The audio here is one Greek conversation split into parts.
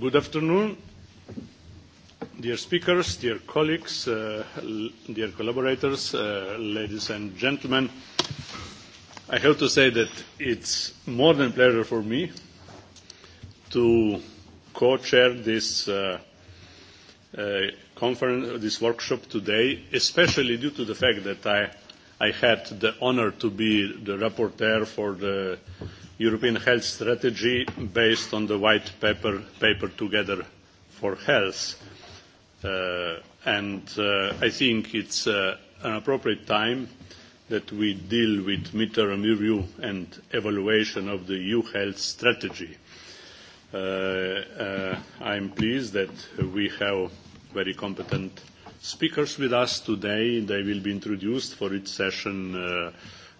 Good afternoon, dear speakers, dear colleagues, dear collaborators, ladies and gentlemen. I have to say that it's more than a pleasure for me to co-chair this conference, this workshop today, especially due to the fact that I had the honor to be the rapporteur for the European Health Strategy based on the white paper, paper Together for Health. And I think it's an appropriate time that we deal with midterm review and evaluation of the EU health strategy. I am pleased that we have very competent speakers with us today. They will be introduced for each session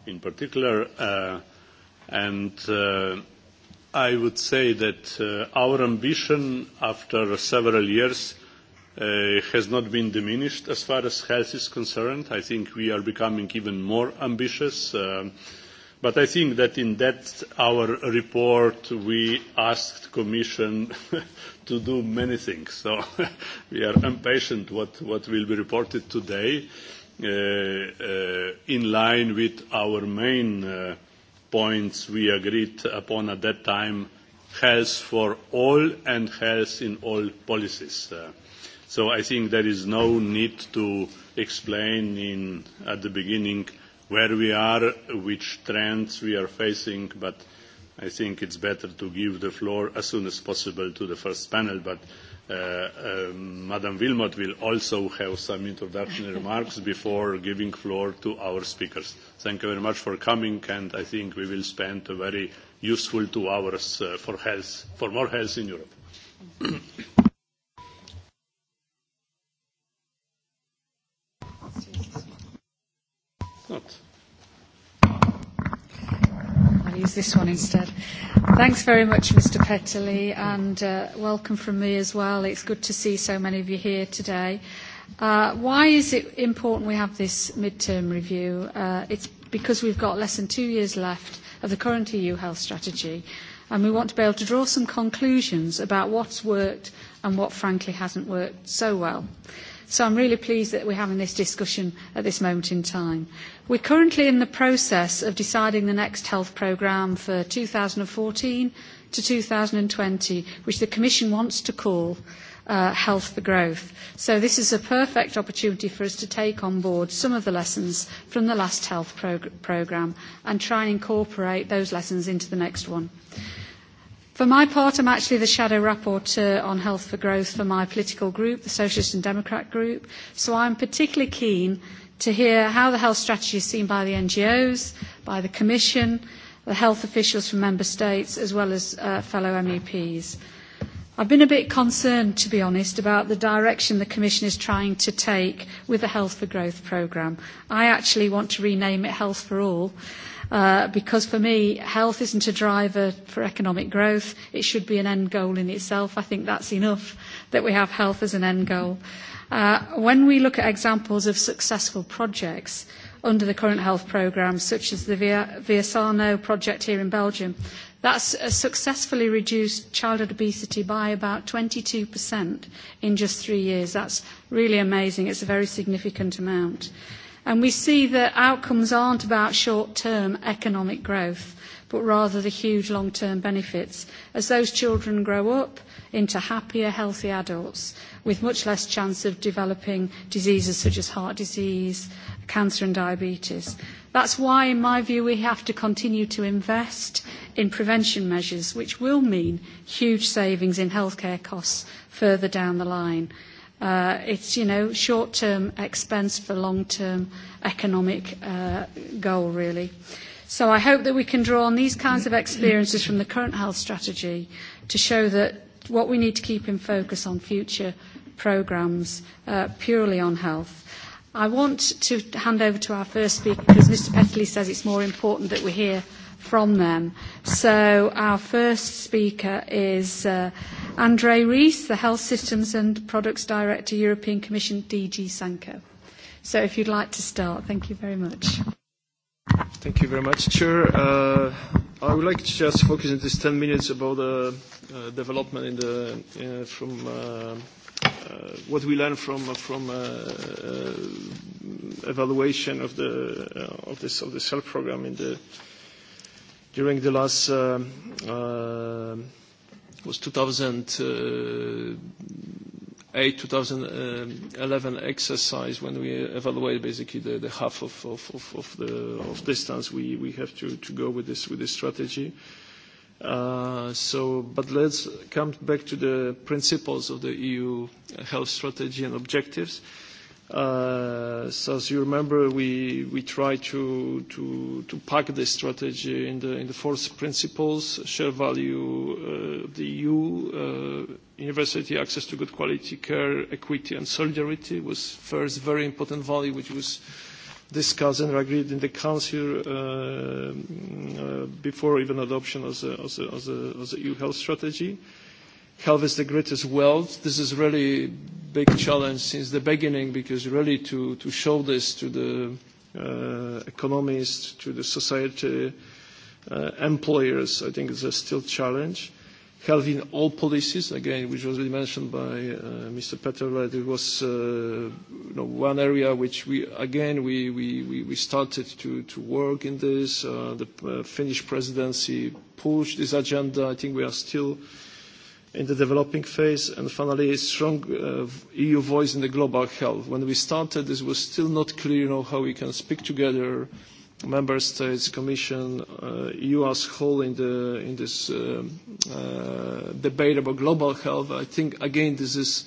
in particular. And I would say that our ambition after several years has not been diminished as far as health is concerned. I think we are becoming even more ambitious. But I think that in that our report we asked Commission to do many things. So we are impatient what will be reported today in line with our main points we agreed upon at that time, health for all and health in all policies. So I think there is no need to explain at the beginning where we are, which trends we are facing, but I think it's better to give the floor as soon as possible to the first panel. But Madam Wilmot will also have some introductory remarks before giving floor to our speakers. Thank you very much for coming, and I think we will spend a very useful two hours for health, for more health in Europe use this one instead. Thanks very much, Mr. Petterly, and welcome from me as well. It's good to see so many of you here today. Why is it important we have this mid-term review? It's because we've got less than two years left of the current EU health strategy, and we want to be able to draw some conclusions about what's worked and what, frankly, hasn't worked so well. So I'm really pleased that we're having this discussion at this moment in time. We're currently in the process of deciding the next health programme for 2014 to 2020, which the Commission wants to call Health for Growth. So this is a perfect opportunity for us to take on board some of the lessons from the last health programme and try and incorporate those lessons into the next one. For my part, I'm actually the shadow rapporteur on health for growth for my political group, the Socialist and Democrat group, so I'm particularly keen to hear how the health strategy is seen by the NGOs, by the Commission, the health officials from member states, as well as fellow MEPs. I've been a bit concerned, to be honest, about the direction the Commission is trying to take with the Health for Growth programme. I actually want to rename it Health for All because for me health isn't a driver for economic growth it should be an end goal in itself i think that's enough that we have health as an end goal when we look at examples of successful projects under the current health programme such as the viasano project here in belgium that's successfully reduced childhood obesity by about 22% in just three years that's really amazing it's a very significant amount And we see that outcomes aren't about short-term economic growth, but rather the huge long-term benefits as those children grow up into happier, healthy adults with much less chance of developing diseases such as heart disease, cancer and diabetes. That's why, in my view, we have to continue to invest in prevention measures, which will mean huge savings in healthcare costs further down the line. It's, you know, short-term expense for long-term economic goal, really. So I hope that we can draw on these kinds of experiences from the current health strategy to show that what we need to keep in focus on future programmes purely on health. I want to hand over to our first speaker because Mr. Petley says it's more important that we're here from them. So our first speaker is Andre Rees, the Health Systems and Products Director, European Commission, DG Sanko. So if you'd like to start, thank you very much. Thank you very much, Chair. I would like to just focus in these 10 minutes about the development in the from what we learned from from evaluation of the of this of the cell program in the During the last, was 2008, 2011 exercise when we evaluate basically the half of the distance we have to go with this strategy. So, but let's come back to the principles of the EU health strategy and objectives. So as you remember, we we try to pack this strategy in the four principles: share value the EU, university access to good quality care, equity and solidarity was first very important value which was discussed and agreed in the Council before even adoption as the EU health strategy. Health is the greatest wealth. This is really a big challenge since the beginning because really to, to show this to the economists, to the society, employers, I think is a still challenge. in all policies, again, which was mentioned by Mr. Petterlet, it was one area which we, again, we we we started to to work in this. The Finnish presidency pushed this agenda. I think we are still in the developing phase, and finally, a strong EU voice in the global health. When we started, this was still not clear how we can speak together, member states, commission, EU as whole in this debate about global health. I think, again, this is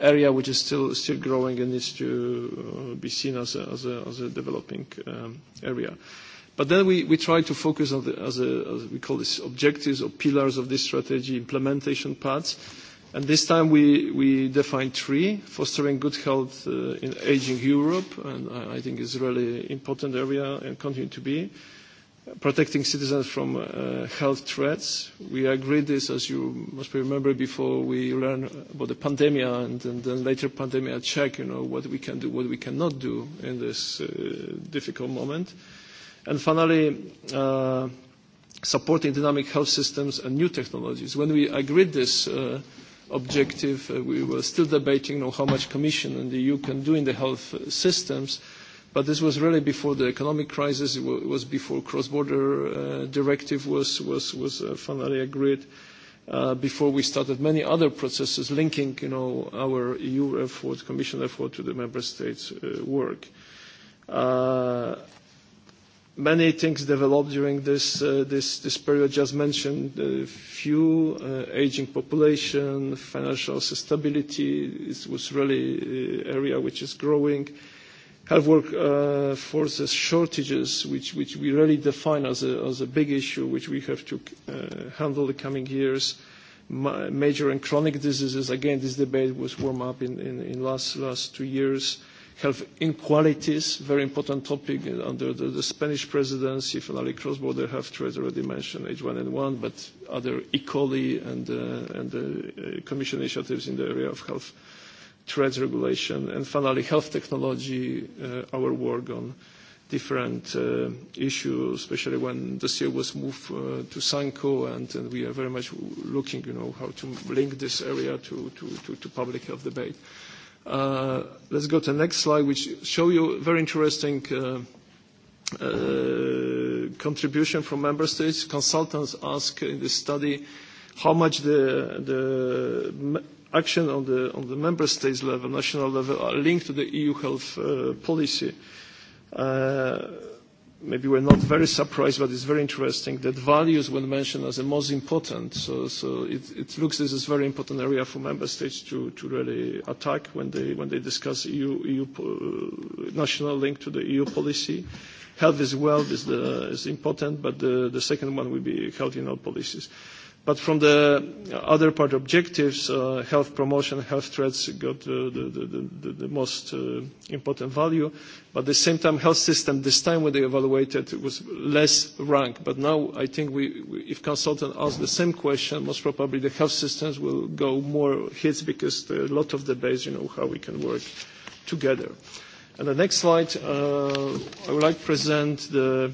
area which is still still growing and needs to be seen as a developing area. But then we try to focus on the, as we call this, objectives or pillars of this strategy, implementation parts. And this time we define three, fostering good health in aging Europe, and I think is really important area and continue to be, protecting citizens from health threats. We agreed this, as you must remember, before we learned about the pandemic and then later pandemic check, you know, what we can do, what we cannot do in this difficult moment. And finally, supporting dynamic health systems and new technologies. When we agreed this objective, we were still debating on how much Commission and the EU can do in the health systems, but this was really before the economic crisis. It was before cross-border directive was finally agreed, before we started many other processes linking our EU effort, Commission effort to the Member States' work. Many things developed during this this period just mentioned. Few aging population, financial stability This was really area which is growing. Health workforce shortages, which we really define as a big issue which we have to handle the coming years. Major and chronic diseases. Again, this debate was warm up in in last last two years health inequalities, very important topic under the Spanish presidency. Finally, cross-border health trade already mentioned, H1N1, but other E. coli and Commission initiatives in the area of health trade regulation. And finally, health technology, our work on different issues, especially when the CEO was moved to Sanko, and we are very much looking, you know, how to link this area to public health debate. Let's go to the next slide, which show you very interesting contribution from member states. Consultants ask in this study how much the action on the member states level, national level, are linked to the EU health policy maybe we're not very surprised, but it's very interesting that values were mentioned as the most important. So, so it, it looks this is a very important area for member states to, to really attack when they, when they discuss EU, EU national link to the EU policy. Health as well is, the, is important, but the, the second one will be health in all policies. But from the other part objectives, health promotion, health threats got the most important value. But at the same time, health system, this time when they evaluated, it was less ranked. But now I think if consultants ask the same question, most probably the health systems will go more hits because there are a lot of debates, you know, how we can work together. And the next slide, I would like to present the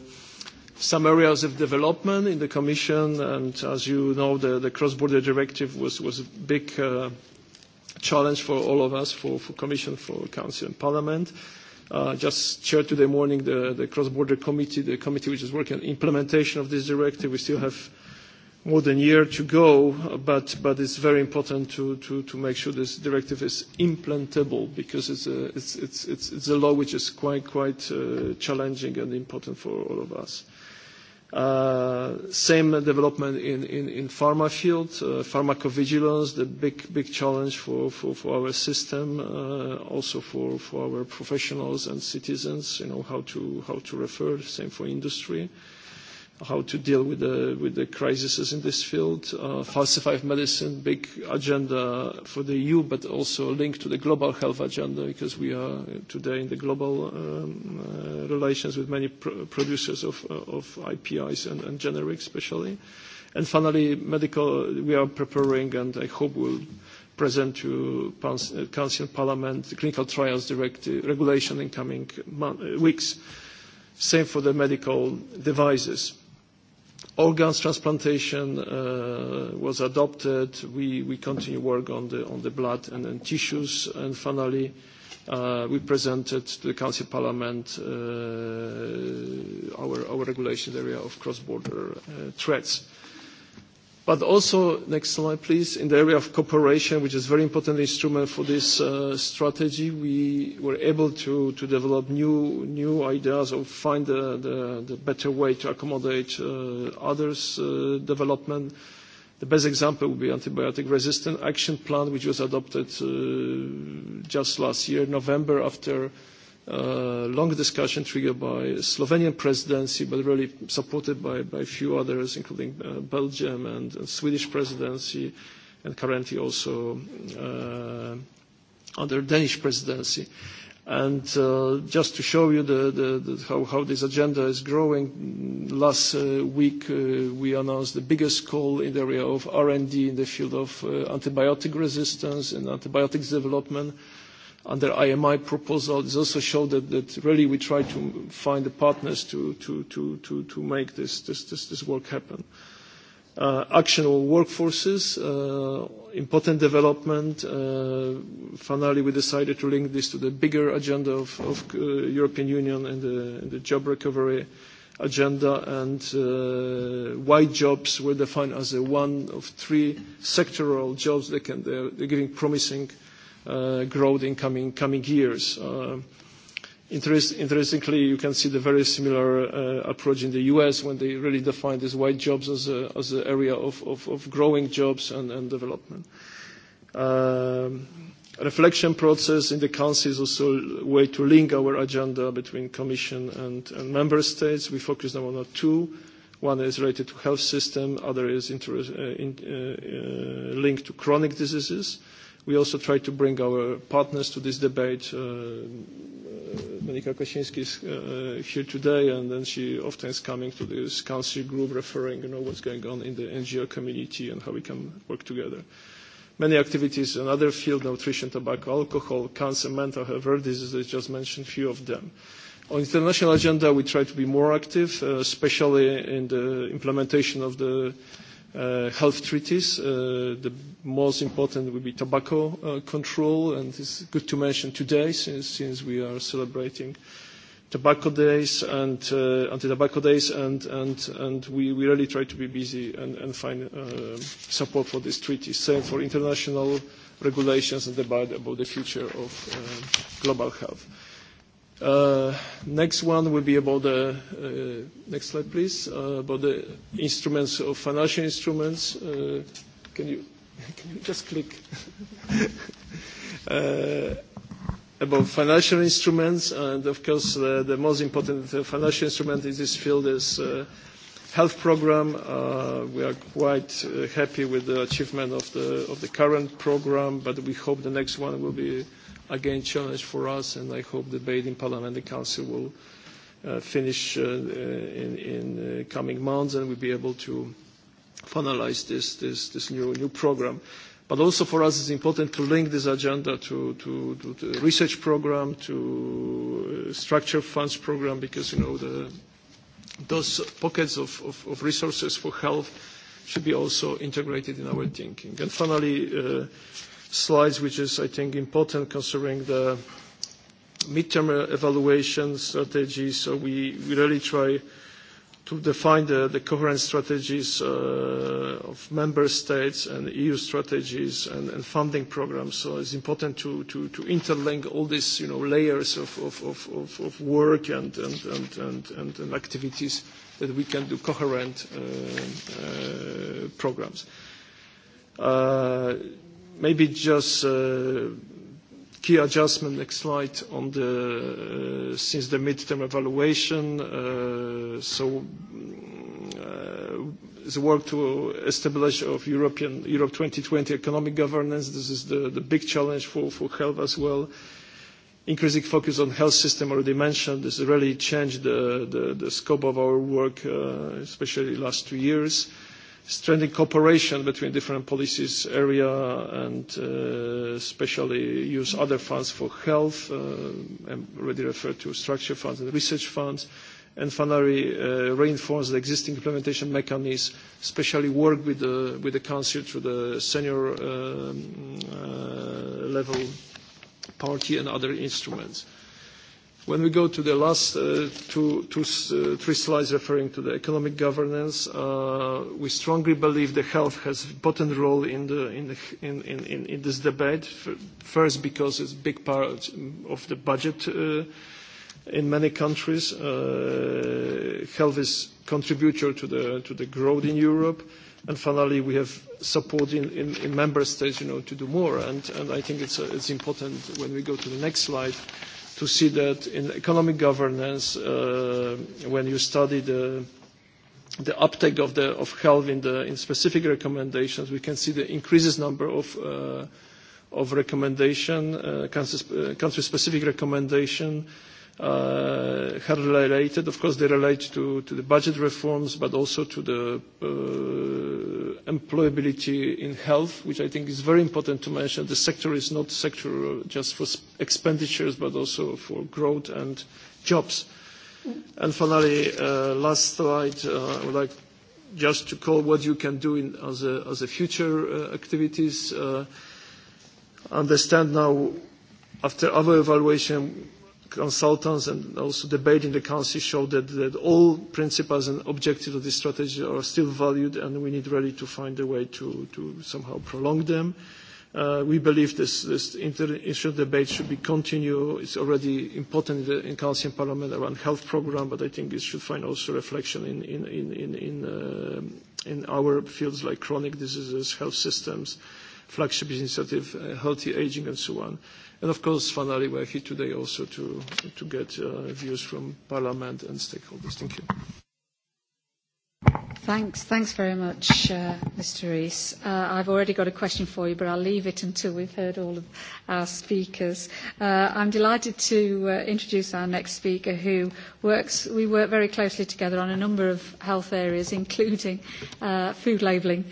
some areas of development in the Commission, and as you know, the cross-border directive was a big challenge for all of us, for Commission, for Council and Parliament. Just chaired today morning the cross-border committee, the committee which is working on implementation of this directive. We still have more than a year to go, but it's very important to make sure this directive is implantable because it's a law which is quite challenging and important for all of us. Same development in in pharma field, pharmacovigilance, the big big challenge for for our system, also for for our professionals and citizens, you know how to how to refer. Same for industry how to deal with the with the crises in this field. Falsified medicine, big agenda for the EU, but also linked to the global health agenda because we are today in the global relations with many producers of IPIs and generics especially. And finally, medical, we are preparing and I hope will present to Council and Parliament the clinical trials directive regulation in coming weeks. Same for the medical devices. Organs transplantation was adopted. We continue work on the blood and tissues. And finally, we presented to the Council Parliament our regulation area of cross-border threats. But also, next slide, please, in the area of cooperation, which is a very important instrument for this strategy, we were able to develop new ideas or find the better way to accommodate others' development. The best example would be antibiotic resistant action plan, which was adopted just last year, November, after long discussion triggered by Slovenian presidency, but really supported by a few others, including Belgium and Swedish presidency, and currently also under Danish presidency. And just to show you how this agenda is growing, last week we announced the biggest call in the area of R&D in the field of antibiotic resistance and antibiotics development under IMI proposal. It also showed that really we try to find the partners to make this work happen. Action on workforces, important development. Finally, we decided to link this to the bigger agenda of European Union and the job recovery agenda, and white jobs were defined as one of three sectoral jobs that are giving promising growth in coming years. Interestingly, you can see the very similar approach in the U.S. when they really define these white jobs as an area of growing jobs and development. Reflection process in the Council is also a way to link our agenda between Commission and Member States. We focus now on two. One is related to health system, other is linked to chronic diseases. We also try to bring our partners to this debate. Monika Kosinski is here today, and then she often is coming to this council group, referring, you know, what's going on in the NGO community and how we can work together. Many activities in other fields, nutrition, tobacco, alcohol, cancer, mental health, rare diseases, I just mentioned a few of them. On international agenda, we try to be more active, especially in the implementation of the health treaties. The most important will be tobacco control, and it's good to mention today since we are celebrating tobacco days and anti-tobacco days, and we really try to be busy and find support for this treaty. Same for international regulations and debate about the future of global health. Next one will be about the next slide, please. About the instruments of financial instruments. Can you just click? About financial instruments, and of course the most important financial instrument in this field is health program. We are quite happy with the achievement of the current program, but we hope the next one will be again, challenge for us, and I hope debate in Parliament and Council will finish in coming months, and we'll be able to finalize this new program. But also for us, it's important to link this agenda to the research program, to structure funds program, because, you know, the those pockets of resources for health should be also integrated in our thinking. And finally, slides, which is, I think, important considering the midterm evaluation strategy. So we really try to define the coherent strategies of member states and EU strategies and funding programs. So it's important to interlink all these you know, layers of work and activities that we can do coherent programs. Maybe just key adjustment, next slide, on the since the midterm evaluation. So the work to establish of European Europe 2020 economic governance. This is the big challenge for health as well. Increasing focus on health system already mentioned. This really changed the the scope of our work, especially last two years strengthening cooperation between different policies area and especially use other funds for health, already referred to structure funds and research funds, and finally reinforce the existing implementation mechanisms, especially work with the Council through the senior level party and other instruments. When we go to the last three slides referring to the economic governance, we strongly believe that health has an important role in this debate. First, because it's a big part of the budget in many countries. Health is a contributor to the growth in Europe. And finally, we have support in member states to do more. And I think it's important when we go to the next slide to see that in economic governance, when you study the the uptake of the of health in the specific recommendations, we can see the increased number of of recommendation country specific recommendation related. Of course, they relate to the budget reforms, but also to the employability in health, which I think is very important to mention. The sector is not sector just for expenditures, but also for growth and jobs. And finally, last slide, I would like just to call what you can do as a future activities. Understand now, after our evaluation, consultants and also debate in the Council showed that all principles and objectives of this strategy are still valued and we need really to find a way to somehow prolong them. We believe this inter institutional debate should be continued. It's already important in Council and Parliament around health programme, but I think it should find also reflection in our fields like chronic diseases, health systems, flagship initiative, healthy ageing and so on. And of course, finally, we are here today also to get views from Parliament and stakeholders. Thank you. Thanks. Thanks very much, Mr. Rees. I've already got a question for you, but I'll leave it until we've heard all of our speakers. I'm delighted to introduce our next speaker, who works. We work very closely together on a number of health areas, including food labelling,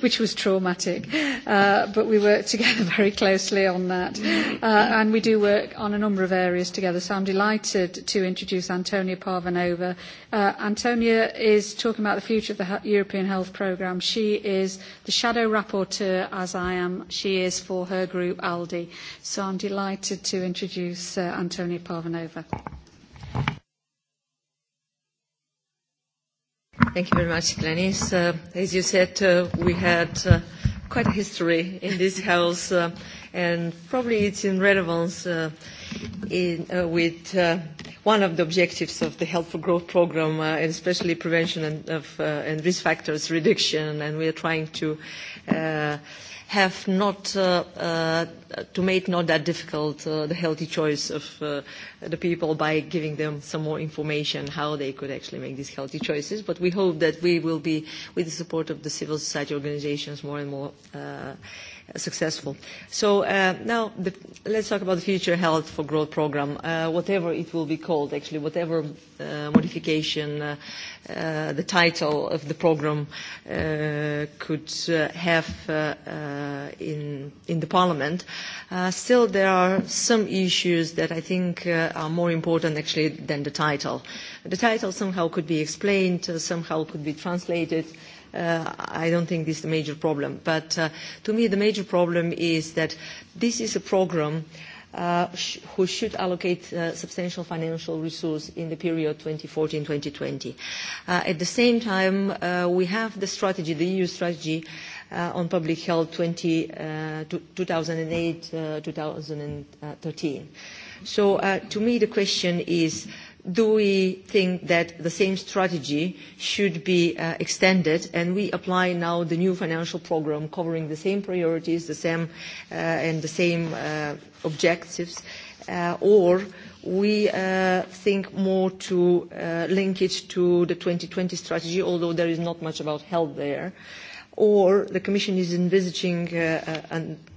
which was traumatic, but we work together very closely on that, and we do work on a number of areas together. So I'm delighted to introduce Antonia Parvanova. Antonia is talking about the future of the European Health Programme. She is the shadow rapporteur, as I am. She is for her group, ALDI. So I'm delighted to introduce Antonia Parvanova. Thank you very much, Glenis. As you said, we had quite a history in this house, and probably it's in relevance with one of the objectives of the Health for Growth program, and especially prevention and risk factors reduction, and we are trying to have not to make not that difficult the healthy choice of the people by giving them some more information how they could actually make these healthy choices. But we hope that we will be, with the support of the civil society organizations, more and more successful. So now let's talk about the Future Health for Growth program, whatever it will be called, actually, whatever modification the title of the program could have in in the Parliament. Still, there are some issues that I think are more important, actually, than the title. The title somehow could be explained, somehow could be translated I don't think this is the major problem. But to me, the major problem is that this is a program who should allocate substantial financial resources in the period 2014-2020. At the same time, we have the strategy, the EU strategy on public health 2008-2013. So to me, the question is do we think that the same strategy should be extended and we apply now the new financial program covering the same priorities the same and the same objectives or we think more to link it to the 2020 strategy although there is not much about health there or the Commission is envisaging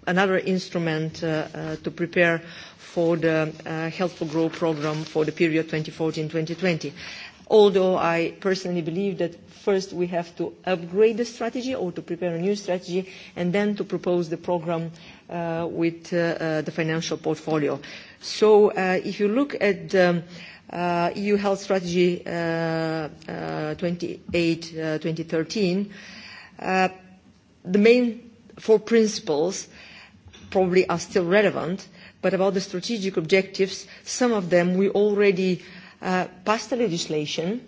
another instrument to prepare for the Health for Growth program for the period 2014-2020. Although I personally believe that first we have to upgrade the strategy or to prepare a new strategy and then to propose the program with the financial portfolio. So if you look at the EU Health Strategy 28-2013, the main four principles probably are still relevant but about the strategic objectives, some of them we already passed the legislation,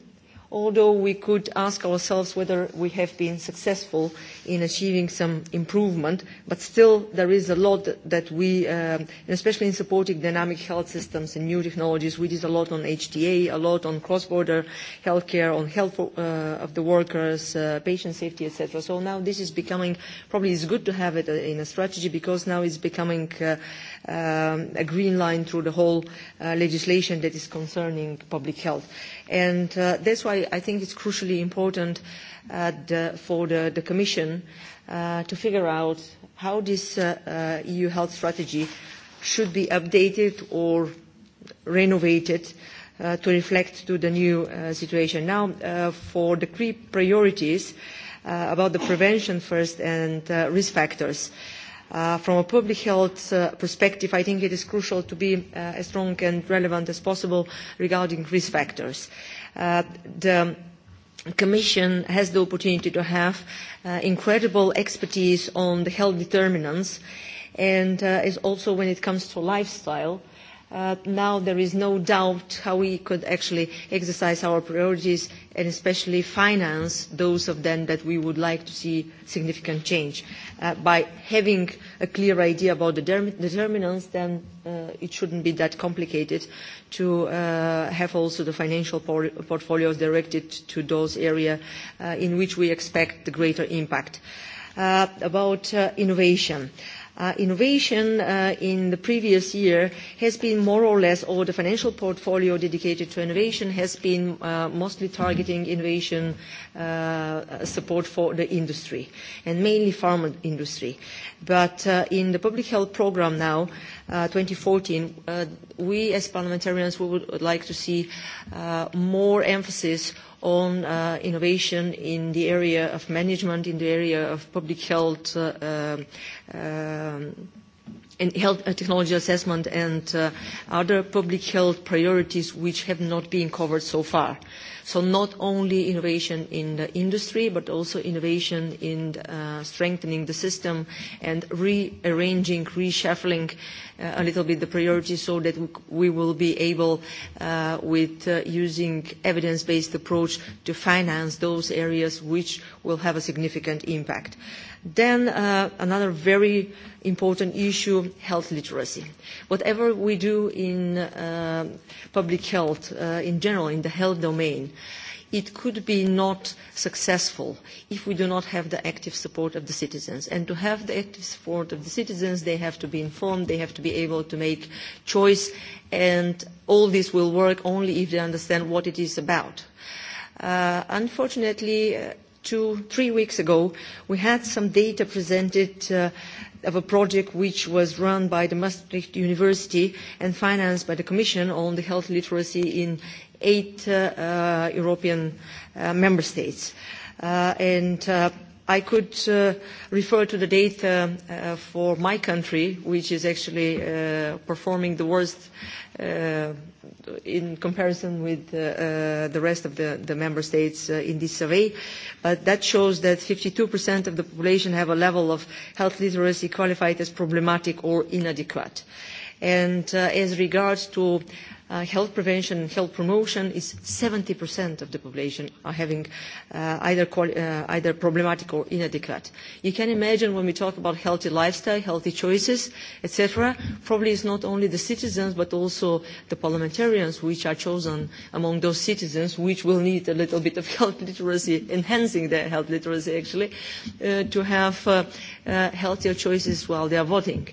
although we could ask ourselves whether we have been successful in achieving some improvement, but still there is a lot that we, especially in supporting dynamic health systems and new technologies, we did a lot on HTA, a lot on cross-border healthcare, on health of the workers, patient safety, etc. So now this is becoming, probably it's good to have it in a strategy because now it's becoming a green line through the whole legislation that is concerning public health. And that's why I think it's crucially important for the Commission to figure out how this EU health strategy should be updated or renovated to reflect to the new situation. Now, for the key priorities about the prevention first and risk factors. From a public health perspective, I think it is crucial to be as strong and relevant as possible regarding risk factors. The The Commission has the opportunity to have incredible expertise on the health determinants and is also when it comes to lifestyle now there is no doubt how we could actually exercise our priorities and especially finance those of them that we would like to see significant change. By having a clear idea about the determinants, then it shouldn't be that complicated to have also the financial portfolios directed to those areas in which we expect the greater impact. About innovation innovation in the previous year has been more or less, all the financial portfolio dedicated to innovation has been mostly targeting innovation support for the industry, and mainly pharma industry. But in the public health program now, 2014, we as parliamentarians would like to see more emphasis on innovation in the area of management, in the area of public health health technology assessment and other public health priorities which have not been covered so far. So not only innovation in the industry, but also innovation in strengthening the system and rearranging, reshuffling a little bit the priorities so that we will be able, with using evidence-based approach, to finance those areas which will have a significant impact. Then another very important issue, health literacy. Whatever we do in public health, in general, in the health domain, it could be not successful if we do not have the active support of the citizens. And to have the active support of the citizens, they have to be informed, they have to be able to make choice, and all this will work only if they understand what it is about. Unfortunately, two, three weeks ago, we had some data presented of a project which was run by the Maastricht University and financed by the Commission on the health literacy in eight European member states. And I could refer to the data for my country, which is actually performing the worst in comparison with the rest of the member states in this survey. But that shows that 52% of the population have a level of health literacy qualified as problematic or inadequate. And as regards to health prevention and health promotion is 70% of the population are having either problematic or inadequate. You can imagine when we talk about healthy lifestyle, healthy choices, etc., probably it's not only the citizens but also the parliamentarians which are chosen among those citizens which will need a little bit of health literacy, enhancing their health literacy actually, to have healthier choices while they are voting.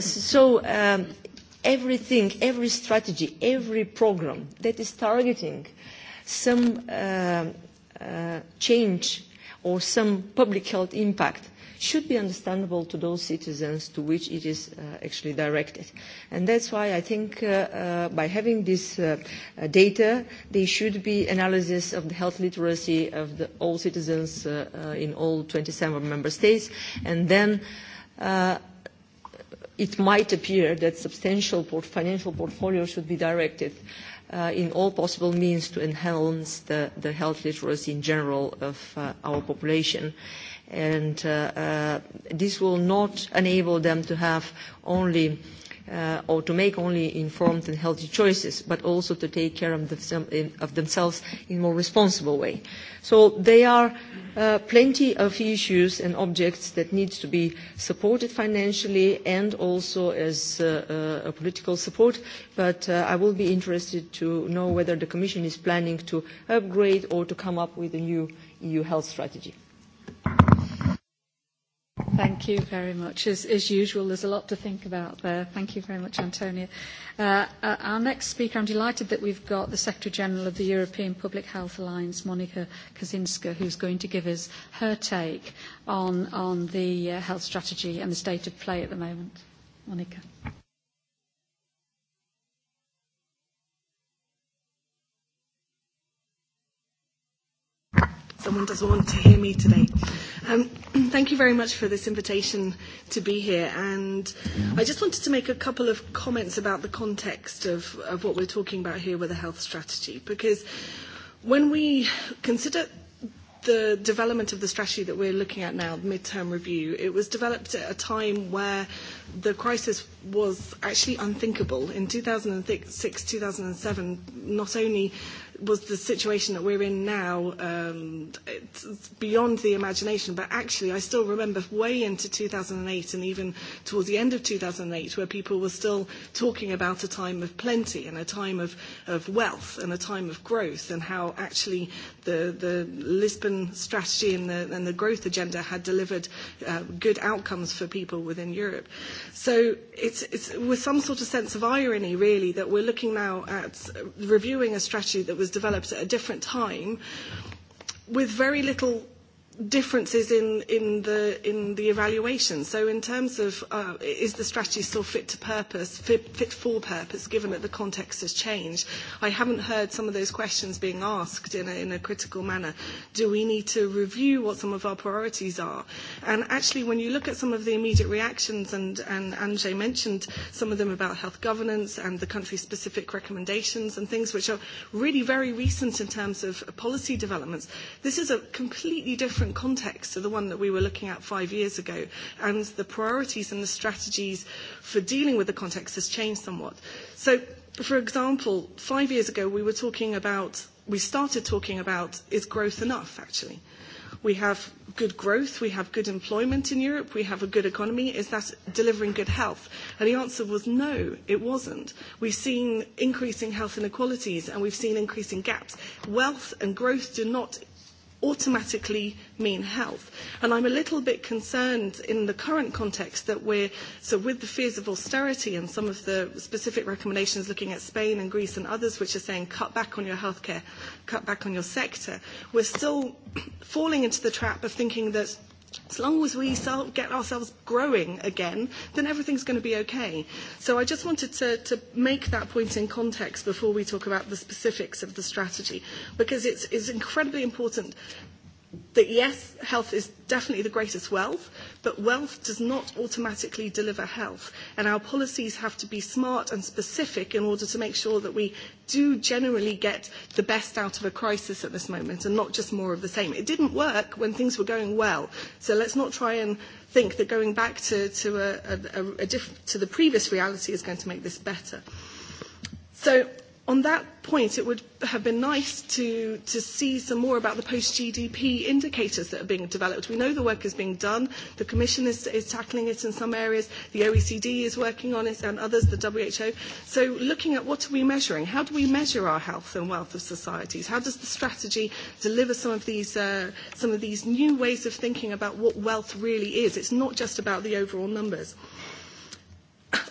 So everything, every strategy, every program that is targeting some change or some public health impact should be understandable to those citizens to which it is actually directed. And that's why I think by having this data, there should be analysis of the health literacy of all citizens in all 27 member states, and then it might appear that substantial financial portfolios should be directed in all possible means to enhance the health literacy in general of our population. And this will not enable them to have only or to make only informed and healthy choices, but also to take care of themselves in a more responsible way. So there are plenty of issues and objects that need to be supported financially and also as a political support, but I will be interested to know whether the Commission is planning to upgrade or to come up with a new EU health strategy. Thank you very much. As usual, there's a lot to think about there. Thank you very much, Antonia. Our next speaker, I'm delighted that we've got the Secretary-General of the European Public Health Alliance, Monica Kaczynska, who's going to give us her take on the health strategy and the state of play at the moment. Monica. someone does want to hear me today. Thank you very much for this invitation to be here. And I just wanted to make a couple of comments about the context of what we're talking about here with the health strategy. Because when we consider the development of the strategy that we're looking at now, the midterm review, it was developed at a time where the crisis was actually unthinkable. In 2006, 2007, not only was the situation that we're in now. It's beyond the imagination, but actually I still remember way into 2008 and even towards the end of 2008 where people were still talking about a time of plenty and a time of wealth and a time of growth and how actually the Lisbon strategy and the growth agenda had delivered good outcomes for people within Europe. So it's with some sort of sense of irony really that we're looking now at reviewing a strategy that was developed at a different time with very little differences in the evaluation. So in terms of is the strategy still fit to purpose, fit for purpose, given that the context has changed? I haven't heard some of those questions being asked in a critical manner. Do we need to review what some of our priorities are? And actually, when you look at some of the immediate reactions, and and mentioned some of them about health governance and the country-specific recommendations and things which are really very recent in terms of policy developments. This is a completely different context to the one that we were looking at five years ago, and the priorities and the strategies for dealing with the context has changed somewhat. So, for example, five years ago we were talking about, we started talking about, is growth enough, actually? We have good growth, we have good employment in Europe, we have a good economy. Is that delivering good health? And the answer was no, it wasn't. We've seen increasing health inequalities and we've seen increasing gaps. Wealth and growth do not automatically mean health. And I'm a little bit concerned in the current context that we're, so with the fears of austerity and some of the specific recommendations looking at Spain and Greece and others which are saying cut back on your healthcare, cut back on your sector, we're still falling into the trap of thinking that As long as we get ourselves growing again, then everything's going to be okay. So I just wanted to to make that point in context before we talk about the specifics of the strategy, because it's incredibly important that yes, health is definitely the greatest wealth, but wealth does not automatically deliver health. And our policies have to be smart and specific in order to make sure that we do generally get the best out of a crisis at this moment and not just more of the same. It didn't work when things were going well. So let's not try and think that going back to, to, a, a, a, to the previous reality is going to make this better. So On that point, it would have been nice to see some more about the post-GDP indicators that are being developed. We know the work is being done. The Commission is tackling it in some areas. The OECD is working on it and others, the WHO. So looking at what are we measuring? How do we measure our health and wealth of societies? How does the strategy deliver some of these new ways of thinking about what wealth really is? It's not just about the overall numbers.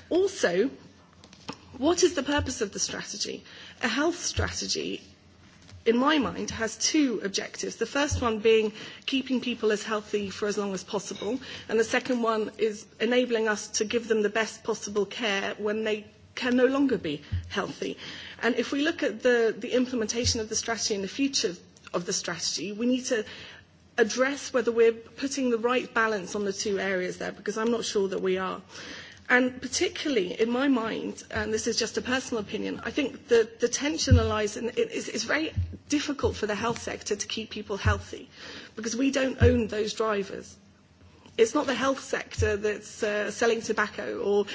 Also, What is the purpose of the strategy? A health strategy, in my mind, has two objectives. The first one being keeping people as healthy for as long as possible, and the second one is enabling us to give them the best possible care when they can no longer be healthy. And if we look at the, the implementation of the strategy and the future of the strategy, we need to address whether we're putting the right balance on the two areas there, because I'm not sure that we are. And particularly, in my mind, and this is just a personal opinion, I think the, the tension lies in it is, it's very difficult for the health sector to keep people healthy because we don't own those drivers. It's not the health sector that's selling tobacco or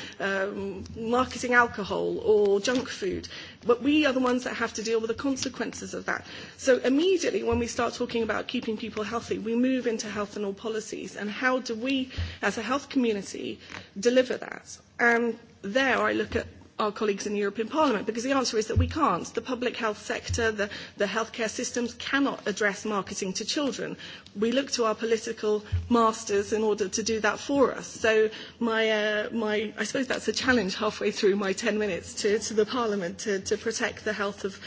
marketing alcohol or junk food. But we are the ones that have to deal with the consequences of that. So immediately when we start talking about keeping people healthy, we move into health and all policies. And how do we, as a health community, deliver that? And there I look at our colleagues in the European Parliament, because the answer is that we can't. The public health sector, the healthcare systems cannot address marketing to children. We look to our political masters in order to do that for us. So my, I suppose that's a challenge halfway through my 10 minutes to the Parliament to protect the health of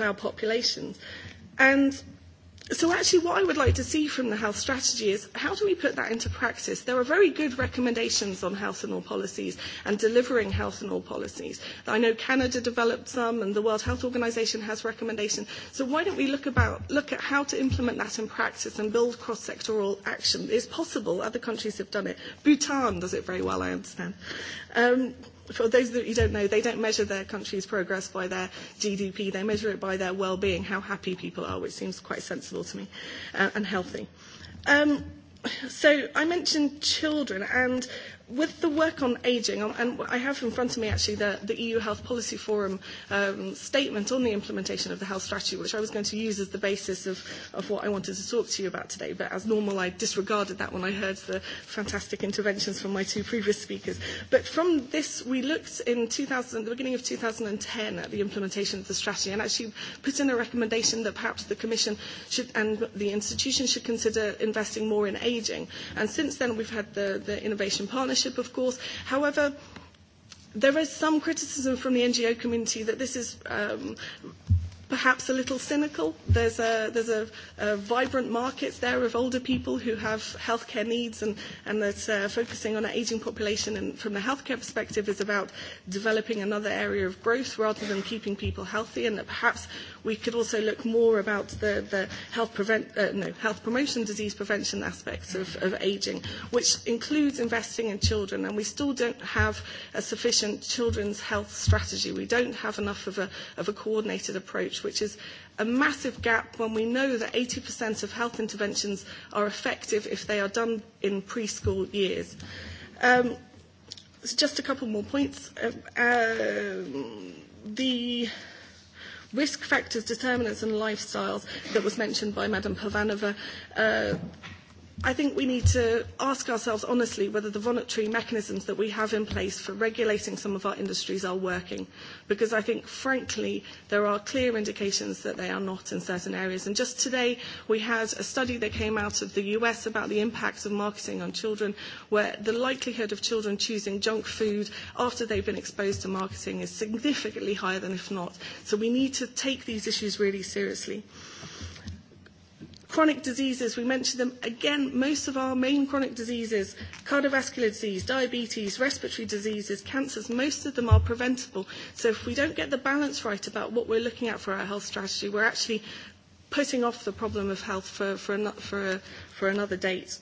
our populations. And So actually what I would like to see from the health strategy is how do we put that into practice? There are very good recommendations on health and all policies and delivering health and all policies. I know Canada developed some and the World Health Organization has recommendations. So why don't we look about look at how to implement that in practice and build cross sectoral action? It's possible, other countries have done it. Bhutan does it very well, I understand for those that you don't know, they don't measure their country's progress by their GDP. They measure it by their well-being, how happy people are, which seems quite sensible to me, and healthy. So I mentioned children, and With the work on ageing, and I have in front of me actually the EU Health Policy Forum statement on the implementation of the health strategy, which I was going to use as the basis of what I wanted to talk to you about today, but as normal I disregarded that when I heard the fantastic interventions from my two previous speakers. But from this we looked in the beginning of 2010 at the implementation of the strategy and actually put in a recommendation that perhaps the Commission and the institution should consider investing more in ageing. And since then we've had the Innovation Partnership of course. However, there is some criticism from the NGO community that this is perhaps a little cynical. There's a there's a vibrant market there of older people who have healthcare needs and and that focusing on an aging population and from the healthcare perspective is about developing another area of growth rather than keeping people healthy and that perhaps We could also look more about the, the health, prevent, no, health promotion disease prevention aspects of, of ageing, which includes investing in children. And we still don't have a sufficient children's health strategy. We don't have enough of a, of a coordinated approach, which is a massive gap when we know that 80% of health interventions are effective if they are done in preschool years. Um, just a couple more points. Um, the risk factors, determinants and lifestyles that was mentioned by Madam Pavanova I think we need to ask ourselves honestly whether the voluntary mechanisms that we have in place for regulating some of our industries are working, because I think, frankly, there are clear indications that they are not in certain areas. And just today, we had a study that came out of the US about the impacts of marketing on children, where the likelihood of children choosing junk food after they've been exposed to marketing is significantly higher than if not. So we need to take these issues really seriously. Chronic diseases, we mentioned them again, most of our main chronic diseases, cardiovascular disease, diabetes, respiratory diseases, cancers, most of them are preventable. So if we don't get the balance right about what we're looking at for our health strategy, we're actually putting off the problem of health for, for, for, for another date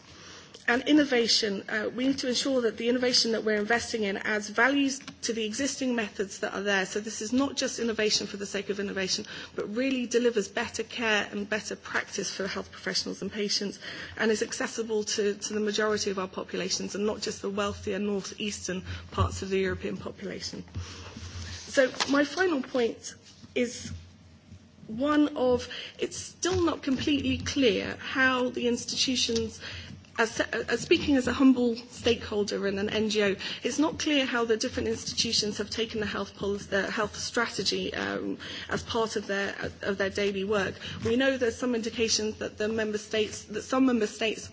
and innovation. We need to ensure that the innovation that we're investing in adds values to the existing methods that are there. So this is not just innovation for the sake of innovation, but really delivers better care and better practice for health professionals and patients, and is accessible to the majority of our populations, and not just the wealthier northeastern parts of the European population. So my final point is one of it's still not completely clear how the institutions Speaking as a humble stakeholder in an NGO, it's not clear how the different institutions have taken the health strategy as part of their daily work. We know there's some indications that the member states, that some member states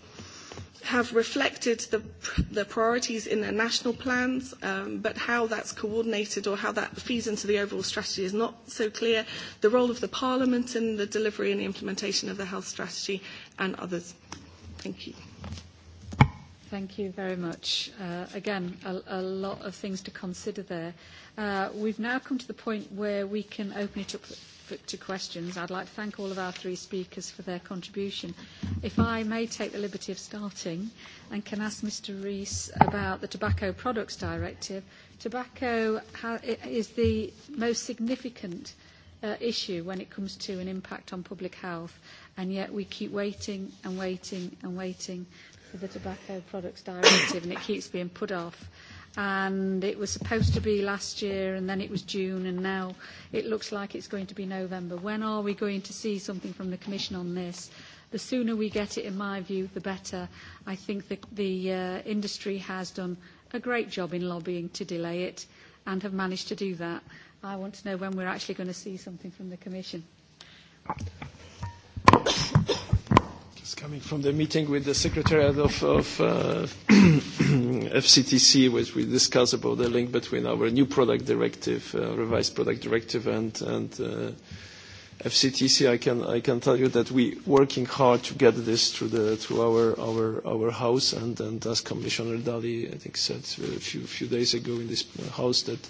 have reflected the priorities in their national plans, but how that's coordinated or how that feeds into the overall strategy is not so clear. The role of the Parliament in the delivery and implementation of the health strategy and others. Thank you. Thank you very much. Again, a lot of things to consider there. We've now come to the point where we can open it up to questions. I'd like to thank all of our three speakers for their contribution. If I may take the liberty of starting and can ask Mr Rees about the Tobacco Products Directive. Tobacco is the most significant issue when it comes to an impact on public health and yet we keep waiting and waiting and waiting for the Tobacco Products Directive, and it keeps being put off. And it was supposed to be last year, and then it was June, and now it looks like it's going to be November. When are we going to see something from the Commission on this? The sooner we get it, in my view, the better. I think the industry has done a great job in lobbying to delay it and have managed to do that. I want to know when we're actually going to see something from the Commission. Just coming from the meeting with the Secretariat of FCTC, which we discussed about the link between our new product directive, revised product directive, and FCTC. I can tell you that we working hard to get this through our house, and as Commissioner Dalli, I think, said a few days ago in this house, that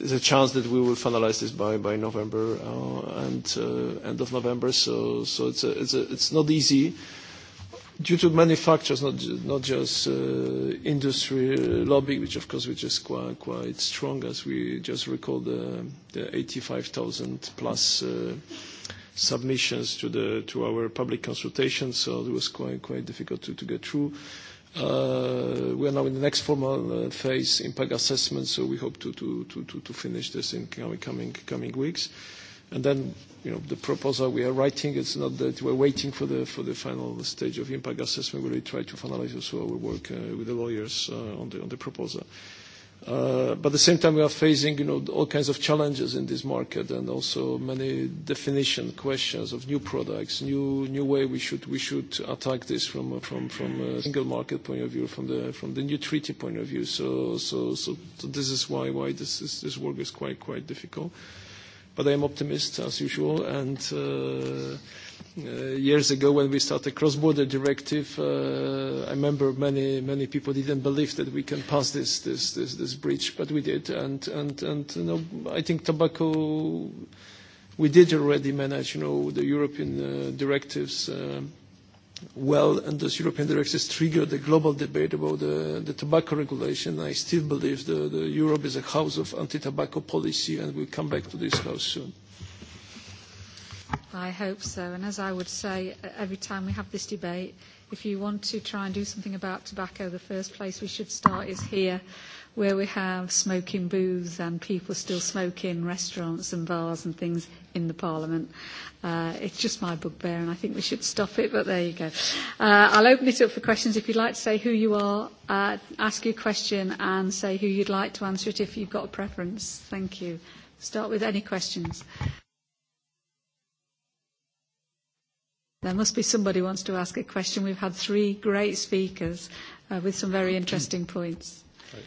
There's a chance that we will finalize this by by November and end of November. So so it's it's not easy due to manufacturers, not not just industry lobby, which of course which is quite quite strong, as we just recall the the 85,000 plus submissions to the to our public consultation. So it was quite quite difficult to get through. We are now in the next formal phase, impact assessment, so we hope to finish this in coming weeks. And then, you know, the proposal we are writing, it's not that we're waiting for the for the final stage of impact assessment. We will try to finalize also our work with the lawyers on the on the proposal. But at the same time, we are facing, you know, all kinds of challenges in this market and also many definition questions of new products, new new way we should we should attack this from from from a single market point of view, from the from the new treaty point of view. So so so this is why why this this work is quite quite difficult. But I am optimist as usual and years ago when we started cross-border directive, I remember many many people didn't believe that we can pass this this this this breach, but we did. And and and you know I think tobacco, we did already manage you know the European directives well, and those European directives triggered the global debate about the, the tobacco regulation. I still believe that Europe is a house of anti-tobacco policy, and we'll come back to this house soon. I hope so. And as I would say every time we have this debate, if you want to try and do something about tobacco, the first place we should start is here, where we have smoking booths and people still smoking restaurants and bars and things in the Parliament. It's just my bugbear, and I think we should stop it, but there you go. I'll open it up for questions. If you'd like to say who you are, ask your question and say who you'd like to answer it if you've got a preference. Thank you. Start with any questions. There must be somebody who wants to ask a question. We've had three great speakers with some very interesting points.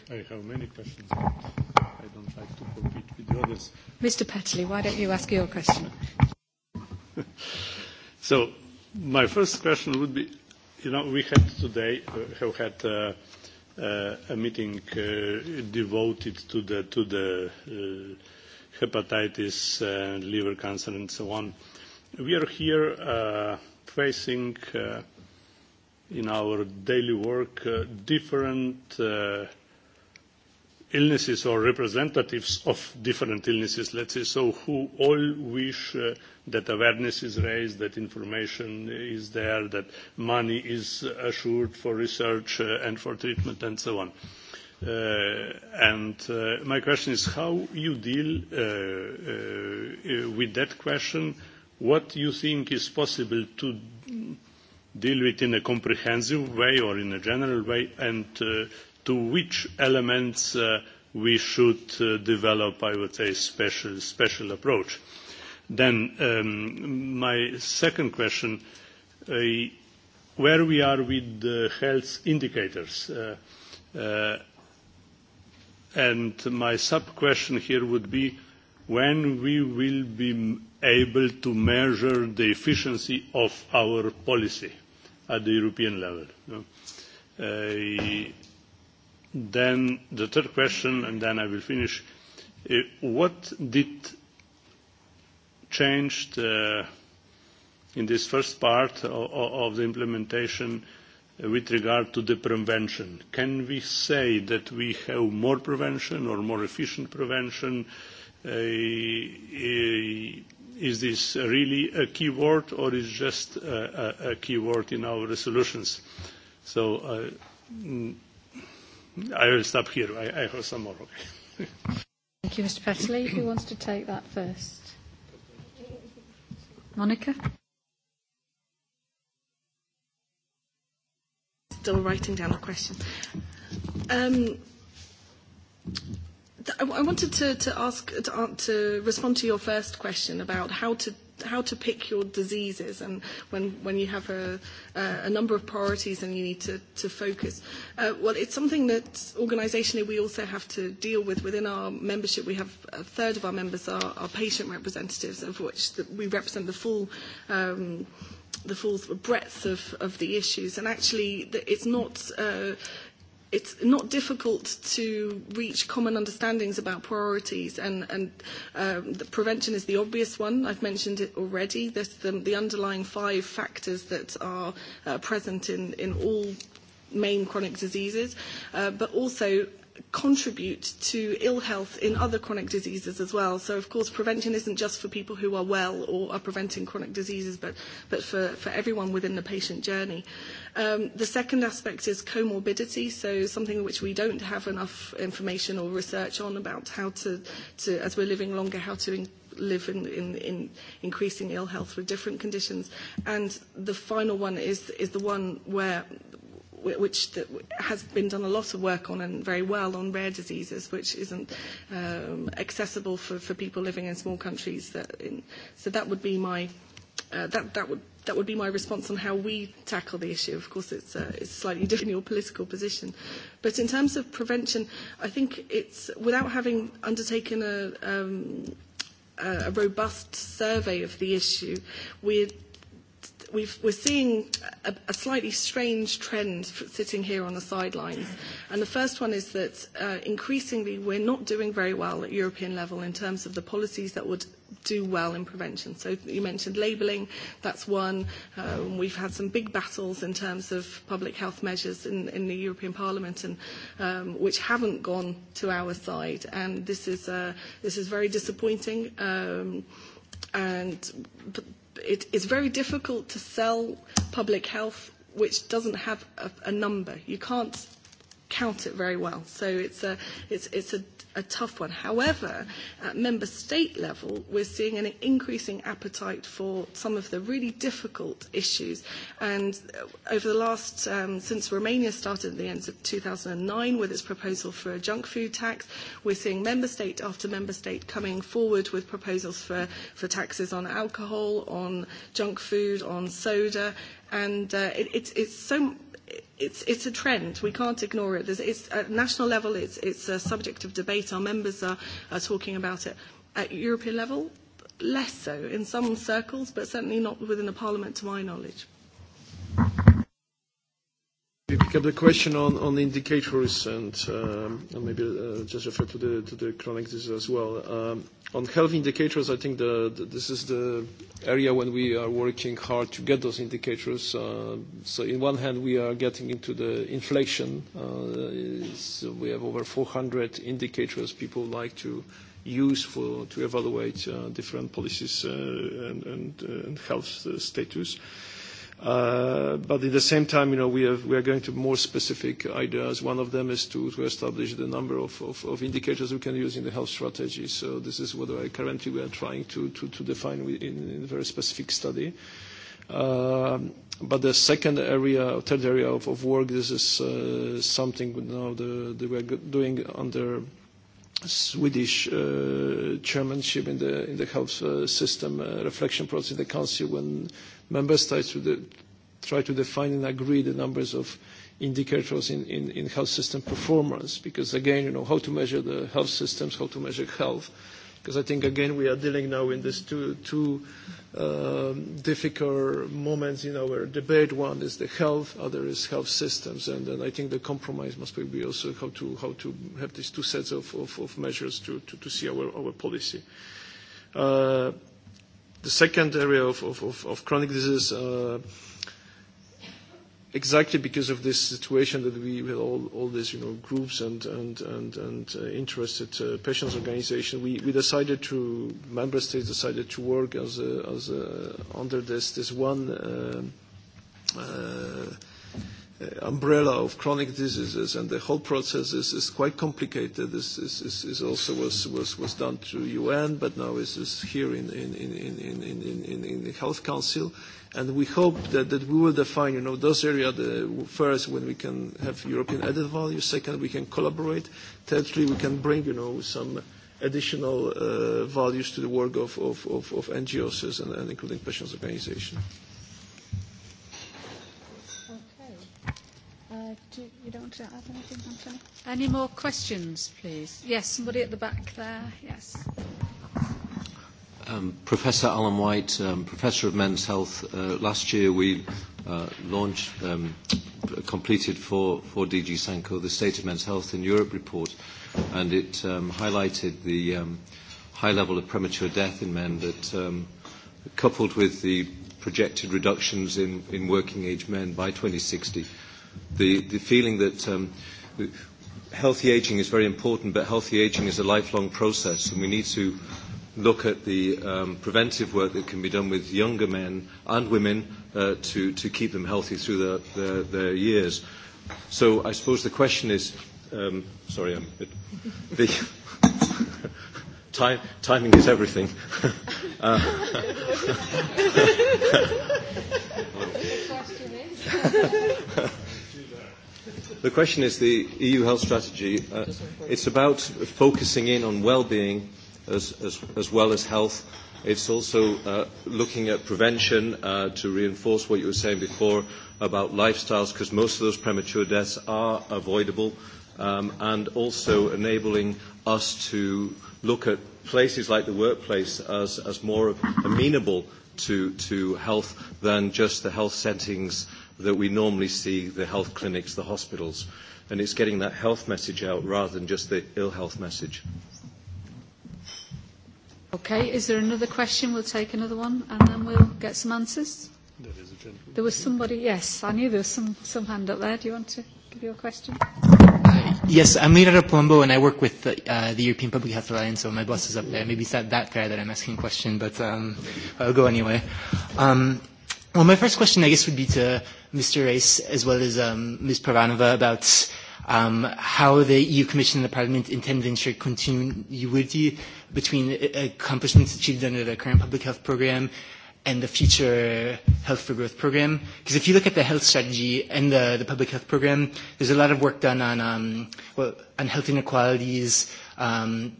I have many questions. I don't like to compete with the others. Mr. Petley, why don't you ask your question? So my first question would be, you know, we had today, have had a meeting devoted to the to the hepatitis, liver cancer, and so on. We are here facing in our daily work different illnesses or representatives of different illnesses, let's say, so who all wish that awareness is raised, that information is there, that money is assured for research and for treatment and so on. And my question is how you deal with that question what you think is possible to deal with in a comprehensive way or in a general way, and to which elements we should develop, I would say, special special approach. Then my second question, where we are with the health indicators. And my sub-question here would be when we will be able to measure the efficiency of our policy at the European level. Then the third question, and then I will finish. What did change in this first part of the implementation with regard to the prevention? Can we say that we have more prevention or more efficient prevention? Is this really a key word or is just a key word in our resolutions? So I will stop here. I have some more. Thank you, Mr. Petley. Who wants to take that first? Monica? Still writing down the question. um I wanted to, to ask to, to respond to your first question about how to how to pick your diseases and when, when you have a, a number of priorities and you need to, to focus. well, it's something that organisationally we also have to deal with. Within our membership, we have a third of our members are, are patient representatives, of which we represent the full um, the full breadth of, of the issues. And actually, it's not it's not difficult to reach common understandings about priorities and prevention is the obvious one. I've mentioned it already. There's the underlying five factors that are present in all main chronic diseases, but also contribute to ill health in other chronic diseases as well. So, of course, prevention isn't just for people who are well or are preventing chronic diseases, but but for for everyone within the patient journey. The second aspect is comorbidity, so something which we don't have enough information or research on about how to, to as we're living longer, how to live in in increasing ill health with different conditions. And the final one is is the one where which has been done a lot of work on and very well on rare diseases, which isn't accessible for people living in small countries. So that would be my that that would that would be my response on how we tackle the issue. Of course, it's it's slightly different in your political position, but in terms of prevention, I think it's without having undertaken a a robust survey of the issue, we're we're seeing a slightly strange trend sitting here on the sidelines. And the first one is that increasingly we're not doing very well at European level in terms of the policies that would do well in prevention. So you mentioned labelling, that's one. We've had some big battles in terms of public health measures in the European Parliament, and which haven't gone to our side. And this is this is very disappointing. And it is very difficult to sell public health which doesn't have a number. You can't count it very well. So it's a it's it's a a tough one. However, at member state level, we're seeing an increasing appetite for some of the really difficult issues. And over the last, since Romania started at the end of 2009 with its proposal for a junk food tax, we're seeing member state after member state coming forward with proposals for, for taxes on alcohol, on junk food, on soda. And it's, it's so it's it's a trend. We can't ignore it. It's at national level. It's it's a subject of debate. Our members are talking about it. At European level, less so in some circles, but certainly not within the Parliament, to my knowledge pick up the question on on indicators and maybe just refer to the chronic disease as well. On health indicators, I think this is the area when we are working hard to get those indicators. So in one hand, we are getting into the inflation. We have over 400 indicators people like to use for to evaluate different policies and health status. But at the same time, you know, we are going to more specific ideas. One of them is to establish the number of indicators we can use in the health strategy. So this is what currently we are trying to define in a very specific study. But the second area, third area of work, this is something now that we are doing under Swedish chairmanship in the in the health system reflection process in the Council when member states try to define and agree the numbers of indicators in in health system performance because again you know how to measure the health systems how to measure health because I think again we are dealing now in these two two difficult moments in our debate. One is the health, other is health systems, and I think the compromise must be also how to how to have these two sets of of measures to to see our our policy. The second area of of of chronic disease exactly because of this situation that we with all, all these you know, groups and, and, and, and interested patients organizations, we, we decided to, member states decided to work as, a, as a, under this, this one umbrella of chronic diseases and the whole process is, is quite complicated. This is, is, is also was, was, was done through UN, but now is, is here in, in, in, in, in, in, in the Health Council and we hope that that we will define, you know, those areas first when we can have European added value, second we can collaborate, thirdly we can bring, you know, some additional values to the work of of of NGOs and including patients' organizations. you don't want anything, Anthony? Any more questions, please? Yes, somebody at the back there. Yes. Professor Alan White, Professor of Men's Health. Last year we launched, completed for DG Sanko the State of Men's Health in Europe report, and it highlighted the high level of premature death in men that, coupled with the projected reductions in working-age men by 2060, the feeling that healthy aging is very important, but healthy aging is a lifelong process, and we need to look at the preventive work that can be done with younger men and women to to keep them healthy through their their years. So I suppose the question is, sorry, I'm the timing is everything. The question is the EU health strategy. It's about focusing in on well-being as as as well as health. It's also looking at prevention to reinforce what you were saying before about lifestyles, because most of those premature deaths are avoidable, and also enabling us to look at places like the workplace as as more amenable to to health than just the health settings that we normally see, the health clinics, the hospitals. And it's getting that health message out rather than just the ill health message. Okay, is there another question? We'll take another one and then we'll get some answers. There is a gentleman. There was somebody, yes, I knew there was some, some hand up there. Do you want to give your question? Yes, I'm Mira Rapombo and I work with the, uh, the European Public Health Alliance, so my boss is up there. Maybe it's not that guy that I'm asking a question, but um, I'll go anyway. Um, well, my first question, I guess, would be to Mr. Race as well as um, Ms. Paranova about how the EU Commission and the Parliament intend to ensure continuity between accomplishments achieved under the current public health program and the future Health for Growth program. Because if you look at the health strategy and the, public health program, there's a lot of work done on, health inequalities. as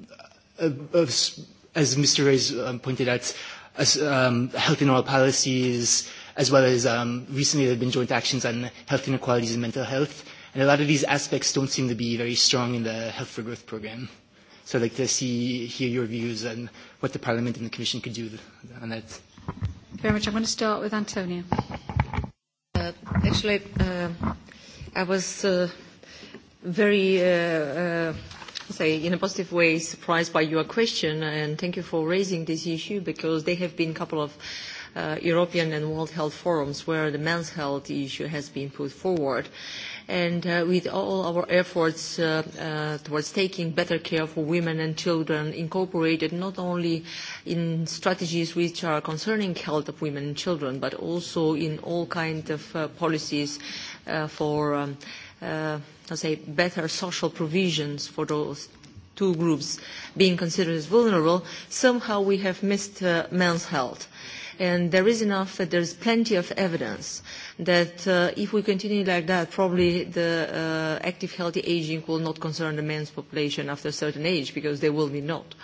Mr. Reyes pointed out, health in all policies, as well as recently there have been joint actions on health inequalities and mental health. And a lot of these aspects don't seem to be very strong in the Health for Growth program. So I'd like to see, hear your views on what the Parliament and the Commission could do on that. Very much. I'm going to start with Antonia. Actually, I was very, say, in a positive way, surprised by your question, and thank you for raising this issue because there have been a couple of European and World Health forums where the men's health issue has been put forward and with all our efforts towards taking better care for women and children incorporated not only in strategies which are concerning health of women and children, but also in all kinds of policies for, let's say, better social provisions for those two groups being considered as vulnerable, somehow we have missed men's health and there is enough, there is plenty of evidence that if we continue like that, probably the active healthy aging will not concern the men's population after a certain age because there will be not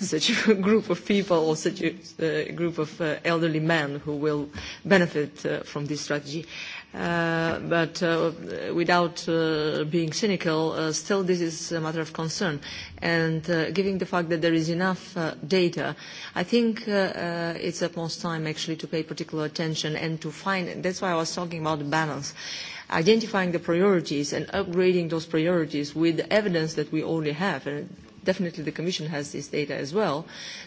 such a group of people or such a group of elderly men who will benefit from this strategy. But without being cynical, still this is a matter of concern. And given the fact that there is enough data, I think it's most time actually to pay particular attention and to find. That's why I was talking about the balance, identifying the priorities and upgrading those priorities with the evidence that we already have definitely the Commission has this data as well,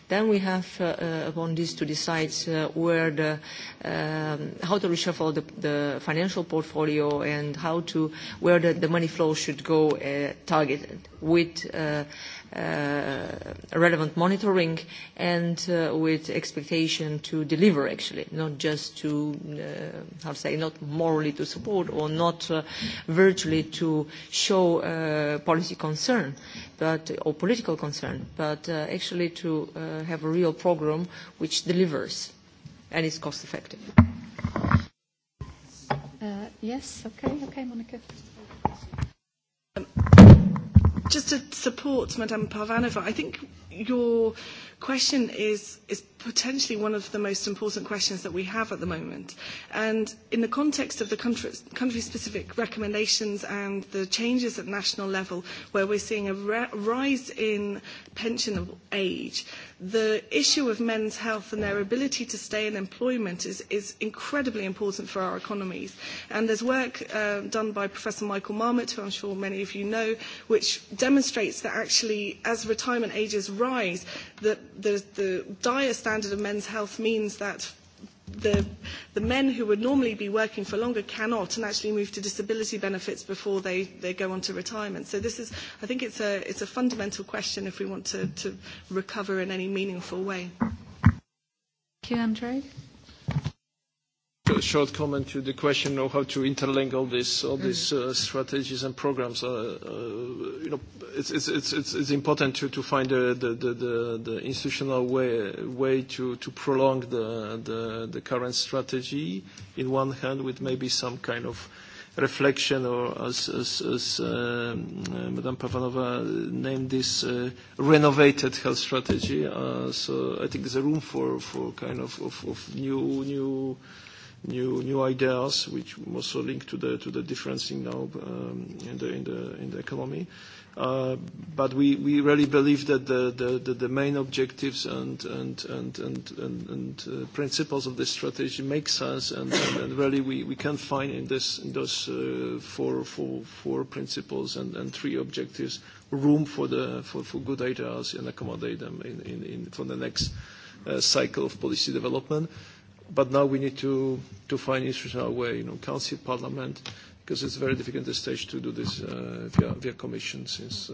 then we have upon this to decide where the how to reshuffle the financial portfolio and how to where the money flow should go targeted with relevant monitoring and with expectation to deliver actually, not just to, how to say, not morally to support or not virtually to show policy concern but or political concern, but actually to have a real program which delivers and is cost effective. Yes, okay, okay, Monica. Just to support Madame Parvanova, I think your question is potentially one of the most important questions that we have at the moment. And in the context of the country-specific recommendations and the changes at national level, where we're seeing a rise in pension age, the issue of men's health and their ability to stay in employment is incredibly important for our economies. And there's work done by Professor Michael Marmot, who I'm sure many of you know, which demonstrates that actually, as retirement ages rise, that the dire standard of men's health means that the men who would normally be working for longer cannot and actually move to disability benefits before they go on to retirement. So this is, I think it's a fundamental question if we want to recover in any meaningful way. Thank you, Andre. A short comment to the question of how to interlink all these all these strategies and programs. You know, it's it's it's it's important to to find the the the institutional way way to to prolong the the the current strategy. In one hand, with maybe some kind of reflection or as as as Madame Pavanova named this renovated health strategy. So I think there's a room for for kind of of new new new ideas, which also linked to the to the difference now in the in the economy. But we we really believe that the the the main objectives and and and and and principles of this strategy make sense, and really we we can find in this in those four four four principles and and three objectives room for the for good ideas and accommodate them in in for the next cycle of policy development. But now we need to to find institutional way, you know, Council, Parliament, because it's very difficult at this stage to do this via Commission, since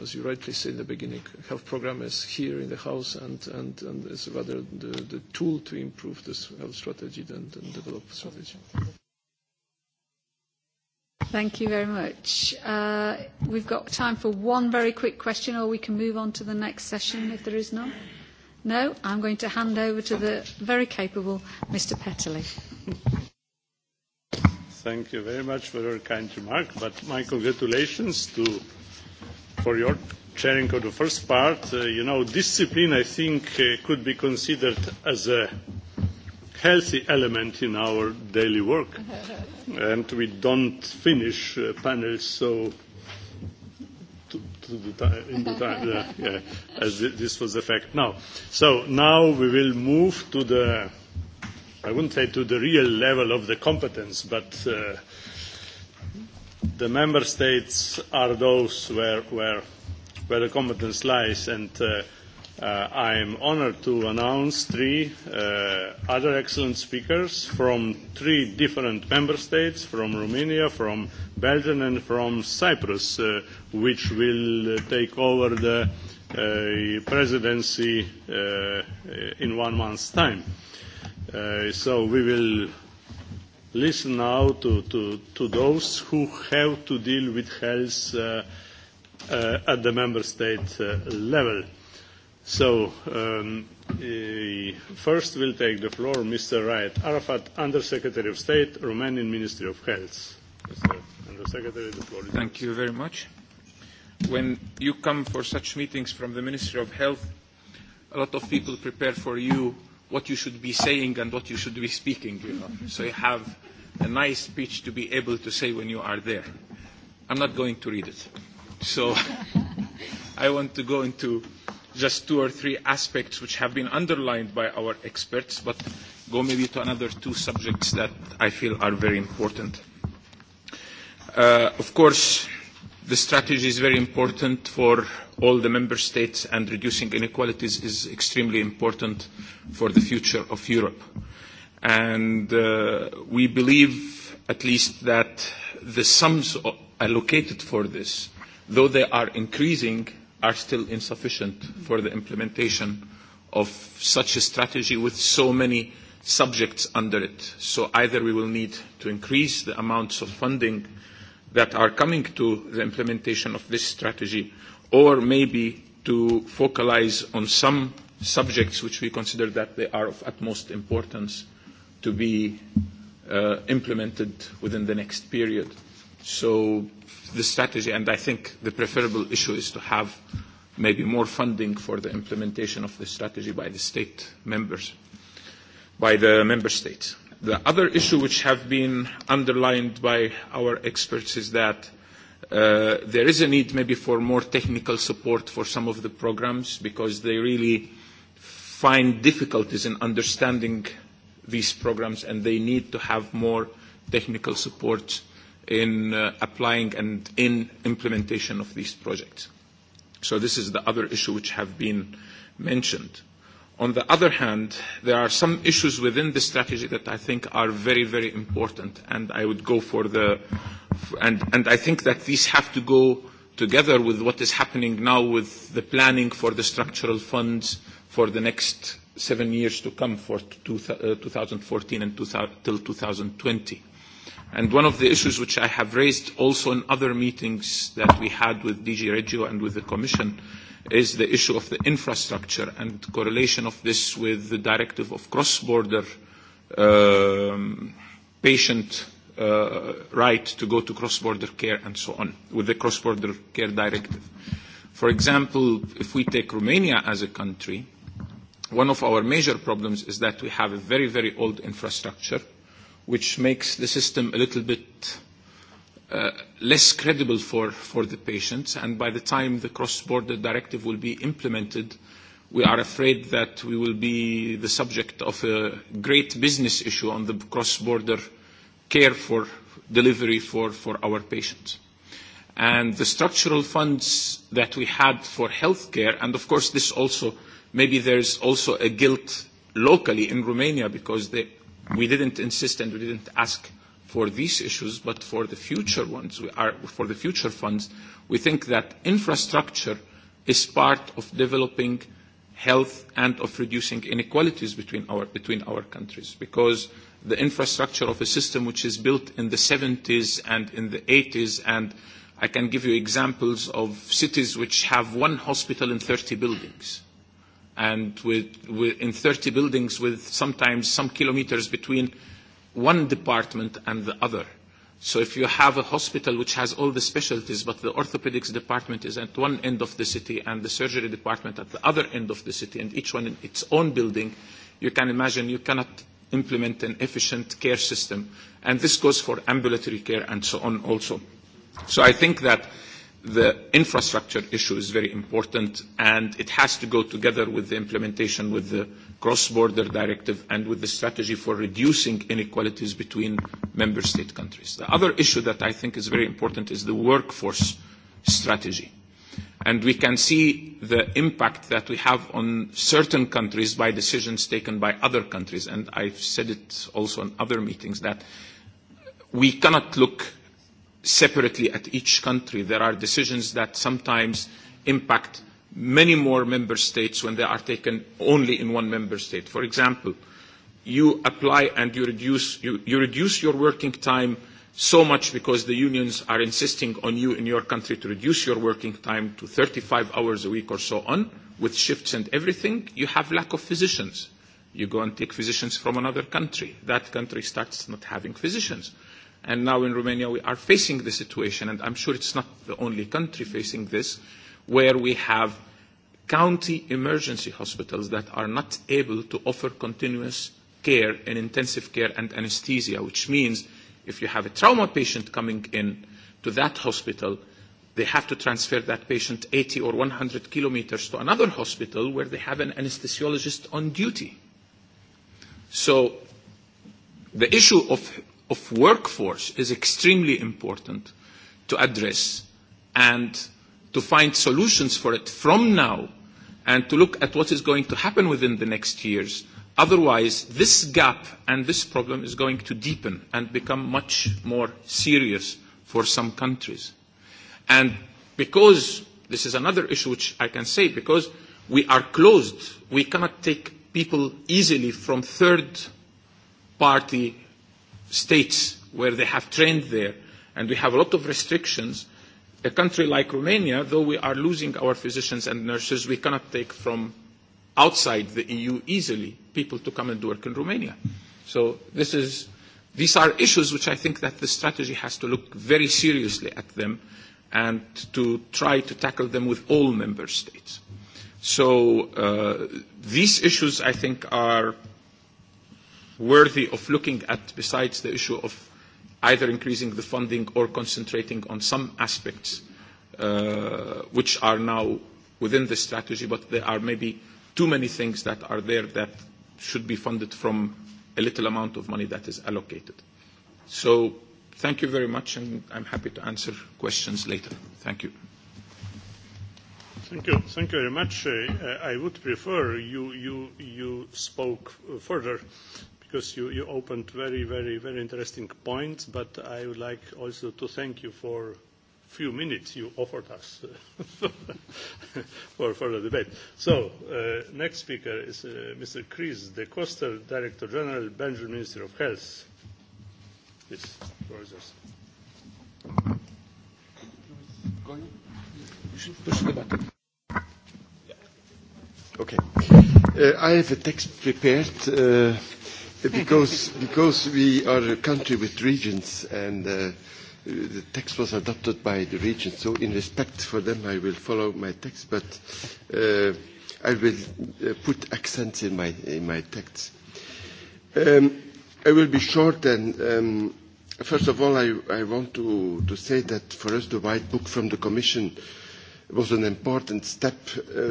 as you rightly said in the beginning, health program is here in the House and and and it's rather the tool to improve this health strategy than develop develop strategy. Thank you very much. We've got time for one very quick question, or we can move on to the next session if there is none. No, I'm going to hand over to the very capable Mr. Petterly. Thank you very much for your kind remark, but my congratulations to for your chairing of the first part. You know, discipline, I think, could be considered as a healthy element in our daily work, and we don't finish panels so in the time, as this was the fact now. So now we will move to the, I wouldn't say to the real level of the competence, but the member states are those where where the competence lies and I am honoured to announce three other excellent speakers from three different member states, from Romania, from Belgium and from Cyprus, which will take over the presidency in one month's time. So we will listen now to those who have to deal with health at the member state level. So, first will take the floor Mr. Wright. Arafat, Undersecretary of State, Romanian Ministry of Health. Mr. Undersecretary, the floor Thank you very much. When you come for such meetings from the Ministry of Health, a lot of people prepare for you what you should be saying and what you should be speaking, you know. So you have a nice speech to be able to say when you are there. I'm not going to read it. So I want to go into just two or three aspects which have been underlined by our experts, but go maybe to another two subjects that I feel are very important. Of course, the strategy is very important for all the member states, and reducing inequalities is extremely important for the future of Europe. And we believe, at least, that the sums allocated for this, though they are increasing, are still insufficient for the implementation of such a strategy with so many subjects under it. So either we will need to increase the amounts of funding that are coming to the implementation of this strategy, or maybe to focalize on some subjects which we consider that they are of utmost importance to be implemented within the next period. So the strategy, and I think the preferable issue is to have maybe more funding for the implementation of the strategy by the state members, by the member states. The other issue which have been underlined by our experts is that there is a need maybe for more technical support for some of the programs because they really find difficulties in understanding these programs and they need to have more technical support in applying and in implementation of these projects. So this is the other issue which have been mentioned. On the other hand, there are some issues within the strategy that I think are very, very important, and I would go for the, and I think that these have to go together with what is happening now with the planning for the structural funds for the next seven years to come, for 2014 and till 2020. And one of the issues which I have raised also in other meetings that we had with DG Regio and with the Commission is the issue of the infrastructure and correlation of this with the directive of cross-border patient right to go to cross-border care and so on, with the cross-border care directive. For example, if we take Romania as a country, one of our major problems is that we have a very, very old infrastructure which makes the system a little bit less credible for the patients. And by the time the cross-border directive will be implemented, we are afraid that we will be the subject of a great business issue on the cross-border care for delivery for for our patients. And the structural funds that we had for healthcare, and of course this also, maybe there is also a guilt locally in Romania because they we didn't insist and we didn't ask for these issues, but for the future ones, for the future funds, we think that infrastructure is part of developing health and of reducing inequalities between our countries, because the infrastructure of a system which is built in the 70s and in the 80s, and I can give you examples of cities which have one hospital in 30 buildings and in 30 buildings with sometimes some kilometers between one department and the other. So if you have a hospital which has all the specialties, but the orthopedics department is at one end of the city and the surgery department at the other end of the city, and each one in its own building, you can imagine you cannot implement an efficient care system. And this goes for ambulatory care and so on also. So I think that the infrastructure issue is very important, and it has to go together with the implementation with the cross-border directive and with the strategy for reducing inequalities between member state countries. The other issue that I think is very important is the workforce strategy. And we can see the impact that we have on certain countries by decisions taken by other countries. And I've said it also in other meetings that we cannot look separately at each country. There are decisions that sometimes impact many more member states when they are taken only in one member state. For example, you apply and you reduce your working time so much because the unions are insisting on you in your country to reduce your working time to 35 hours a week or so on, with shifts and everything, you have lack of physicians. You go and take physicians from another country. That country starts not having physicians and now in Romania we are facing the situation, and I'm sure it's not the only country facing this, where we have county emergency hospitals that are not able to offer continuous care in intensive care and anesthesia, which means if you have a trauma patient coming in to that hospital, they have to transfer that patient 80 or 100 kilometers to another hospital where they have an anesthesiologist on duty. So the issue of of workforce is extremely important to address and to find solutions for it from now and to look at what is going to happen within the next years. Otherwise, this gap and this problem is going to deepen and become much more serious for some countries. And because this is another issue which I can say, because we are closed, we cannot take people easily from third party states where they have trained there, and we have a lot of restrictions. A country like Romania, though we are losing our physicians and nurses, we cannot take from outside the EU easily people to come and work in Romania. So this is, these are issues which I think that the strategy has to look very seriously at them and to try to tackle them with all member states. So these issues, I think, are worthy of looking at besides the issue of either increasing the funding or concentrating on some aspects which are now within the strategy, but there are maybe too many things that are there that should be funded from a little amount of money that is allocated. So thank you very much, and I'm happy to answer questions later. Thank you. Thank you. Thank you very much. I would prefer you spoke further because you you opened very, very, very interesting points, but I would like also to thank you for few minutes you offered us for the debate. So, next speaker is Mr. Chris De Costa, Director General, Belgian Minister of Health. Please, Okay. I have a text prepared Because because we are a country with regions and the text was adopted by the regions, so in respect for them I will follow my text, but I will put accents in my in my text. I will be short and first of all I I want to to say that for us the White Book from the Commission was an important step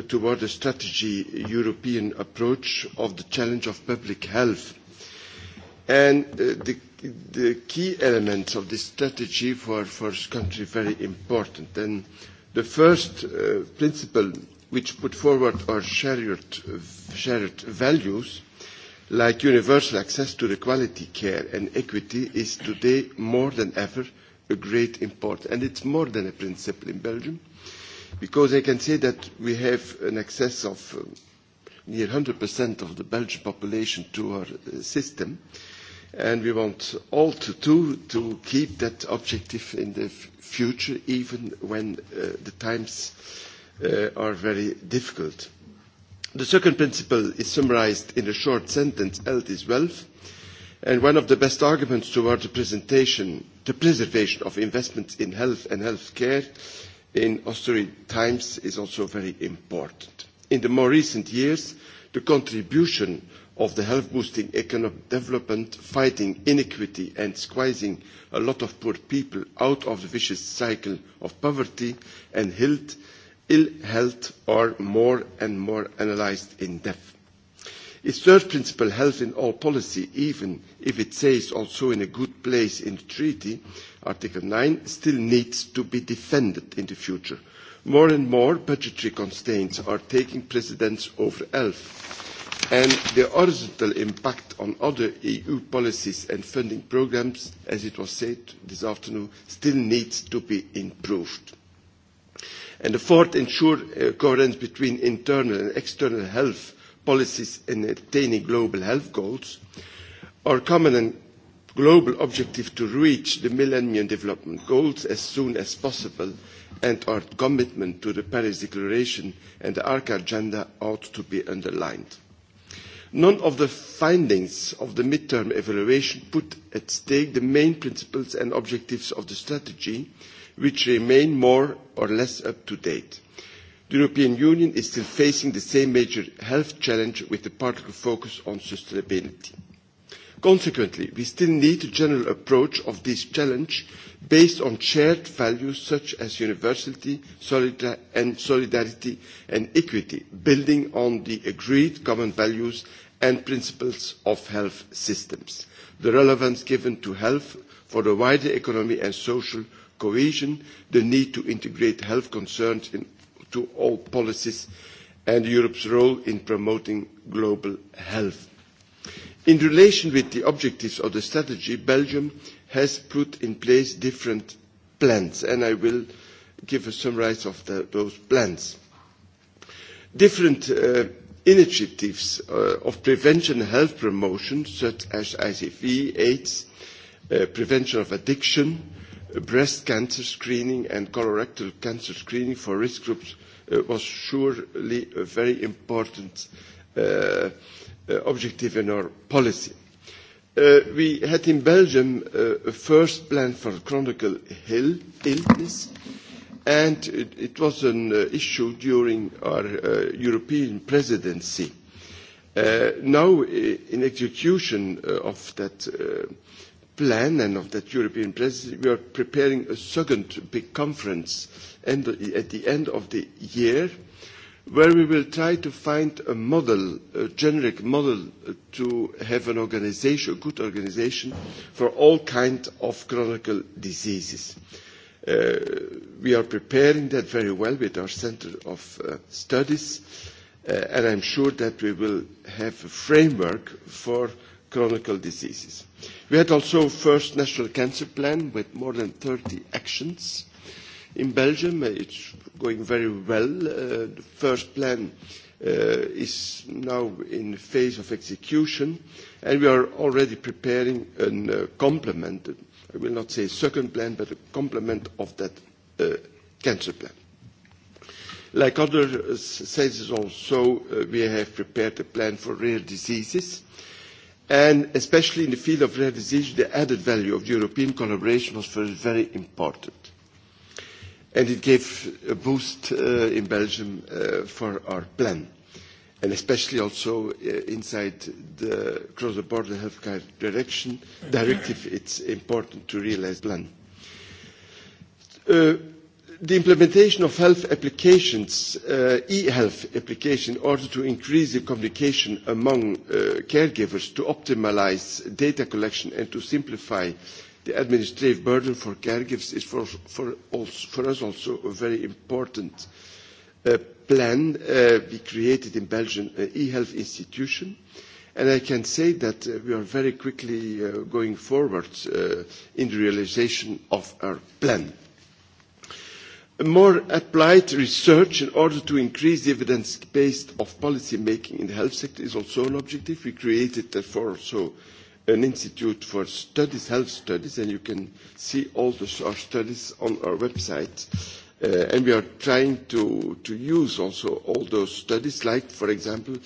toward a strategy European approach of the challenge of public health And the key elements of this strategy for first country are very important. And the first principle which put forward our shared values, like universal access to quality care and equity, is today more than ever a great importance. And it's more than a principle in Belgium, because I can say that we have an access of near 100% of the Belgian population to our system and we want all to to keep that objective in the future, even when the times are very difficult. The second principle is summarised in a short sentence, health is wealth, and one of the best arguments towards the preservation of investments in health and healthcare in austere times is also very important. In the more recent years, the contribution of the health boosting economic development, fighting inequity and squeezing a lot of poor people out of the vicious cycle of poverty and ill health are more and more analysed in depth. Its third principle, health in all policy, even if it says also in a good place in the treaty, Article 9, still needs to be defended in the future. More and more budgetary constraints are taking precedence over health and the horizontal impact on other EU policies and funding programmes, as it was said this afternoon, still needs to be improved. And the fourth, ensure coherence between internal and external health policies in attaining global health goals. Our common and global objective to reach the Millennium Development Goals as soon as possible and our commitment to the Paris Declaration and the ARCA agenda ought to be underlined. None of the findings of the mid term evaluation put at stake the main principles and objectives of the strategy, which remain more or less up to date. The European Union is still facing the same major health challenge with a particular focus on sustainability. Consequently, we still need a general approach of this challenge based on shared values such as universality, solidarity and equity, building on the agreed common values and principles of health systems. The relevance given to health for the wider economy and social cohesion, the need to integrate health concerns into all policies and Europe's role in promoting global health. In relation with the objectives of the strategy, Belgium has put in place different plans, and I will give a summary of those plans. Different initiatives of prevention and health promotion, such as ICV, AIDS, prevention of addiction, breast cancer screening and colorectal cancer screening for risk groups was surely a very important objective in our policy. We had in Belgium a first plan for chronic illness, and it was an issue during our European presidency. Now, in execution of that plan and of that European presidency, we are preparing a second big conference at the end of the year where we will try to find a model, a generic model, to have an organisation, a good organisation, for all kinds of chronic diseases. We are preparing that very well with our Centre of Studies, and I am sure that we will have a framework for chronic diseases. We had also first national cancer plan with more than 30 actions In Belgium, it's going very well. The first plan is now in the phase of execution, and we are already preparing a complement, I will not say second plan, but a complement of that cancer plan. Like other centres also, we have prepared a plan for rare diseases. And especially in the field of rare disease, the added value of European collaboration was very important and it gave a boost in Belgium for our plan, and especially also inside the cross-border healthcare directive, it's important to realise plan. The implementation of health applications, e-health application, in order to increase the communication among caregivers, to optimize data collection and to simplify The administrative burden for caregivers is for us also a very important plan. We created in Belgium an e-health institution, and I can say that we are very quickly going forward in the realization of our plan. More applied research in order to increase the evidence-based of policy making in the health sector is also an objective. We created, therefore, also an institute for studies, health studies, and you can see all our studies on our website. And we are trying to use also all those studies, like, for example,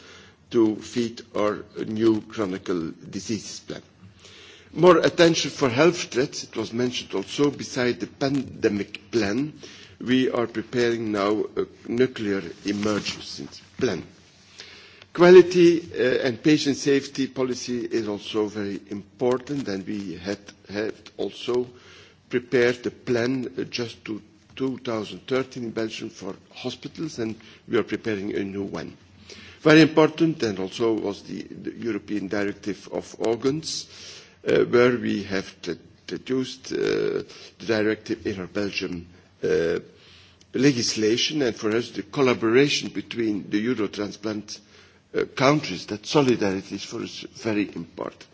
to feed our new chronic diseases plan. More attention for health threats, it was mentioned also, beside the pandemic plan, we are preparing now a nuclear emergency plan. Quality and patient safety policy is also very important, and we had also prepared a plan just to 2013 in Belgium for hospitals, and we are preparing a new one. Very important, and also was the European Directive of Organs, where we have introduced the directive in our Belgium legislation, and for us the collaboration between the Eurotransplant countries that solidarity is for us very important.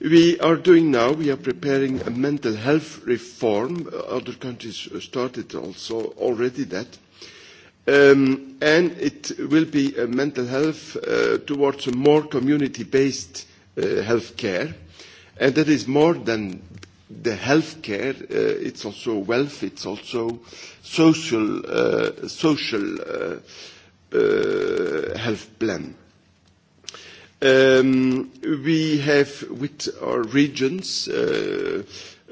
We are doing now, we are preparing a mental health reform. Other countries started also already that. And it will be a mental health towards a more community-based health care. And that is more than the health care. It's also wealth. It's also social health plan. We have, with our regions,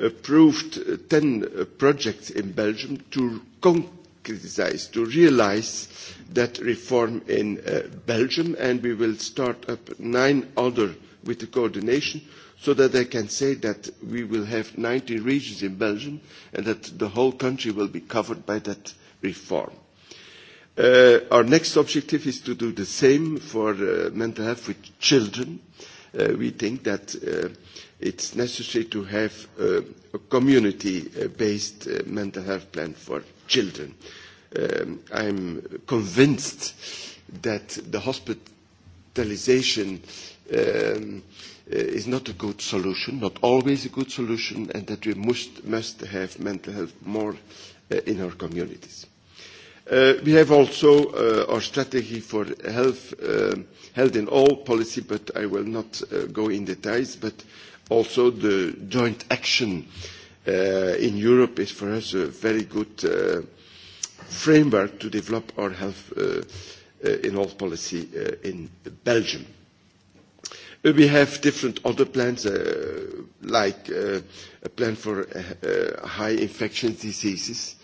approved 10 projects in Belgium to concretise, to realise that reform in Belgium, and we will start up nine other with the coordination, so that I can say that we will have 90 regions in Belgium and that the whole country will be covered by that reform. Our next objective is to do the same for mental health with children. We think that it's necessary to have a community-based mental health plan for children. I am convinced that the hospitalization is not a good solution, not always a good solution, and that we must have mental health more in our communities. We have also our strategy for health in all policy, but I will not go in details. But also the joint action in Europe is for us a very good framework to develop our health in all policy in Belgium. We have different other plans, like a plan for high infectious diseases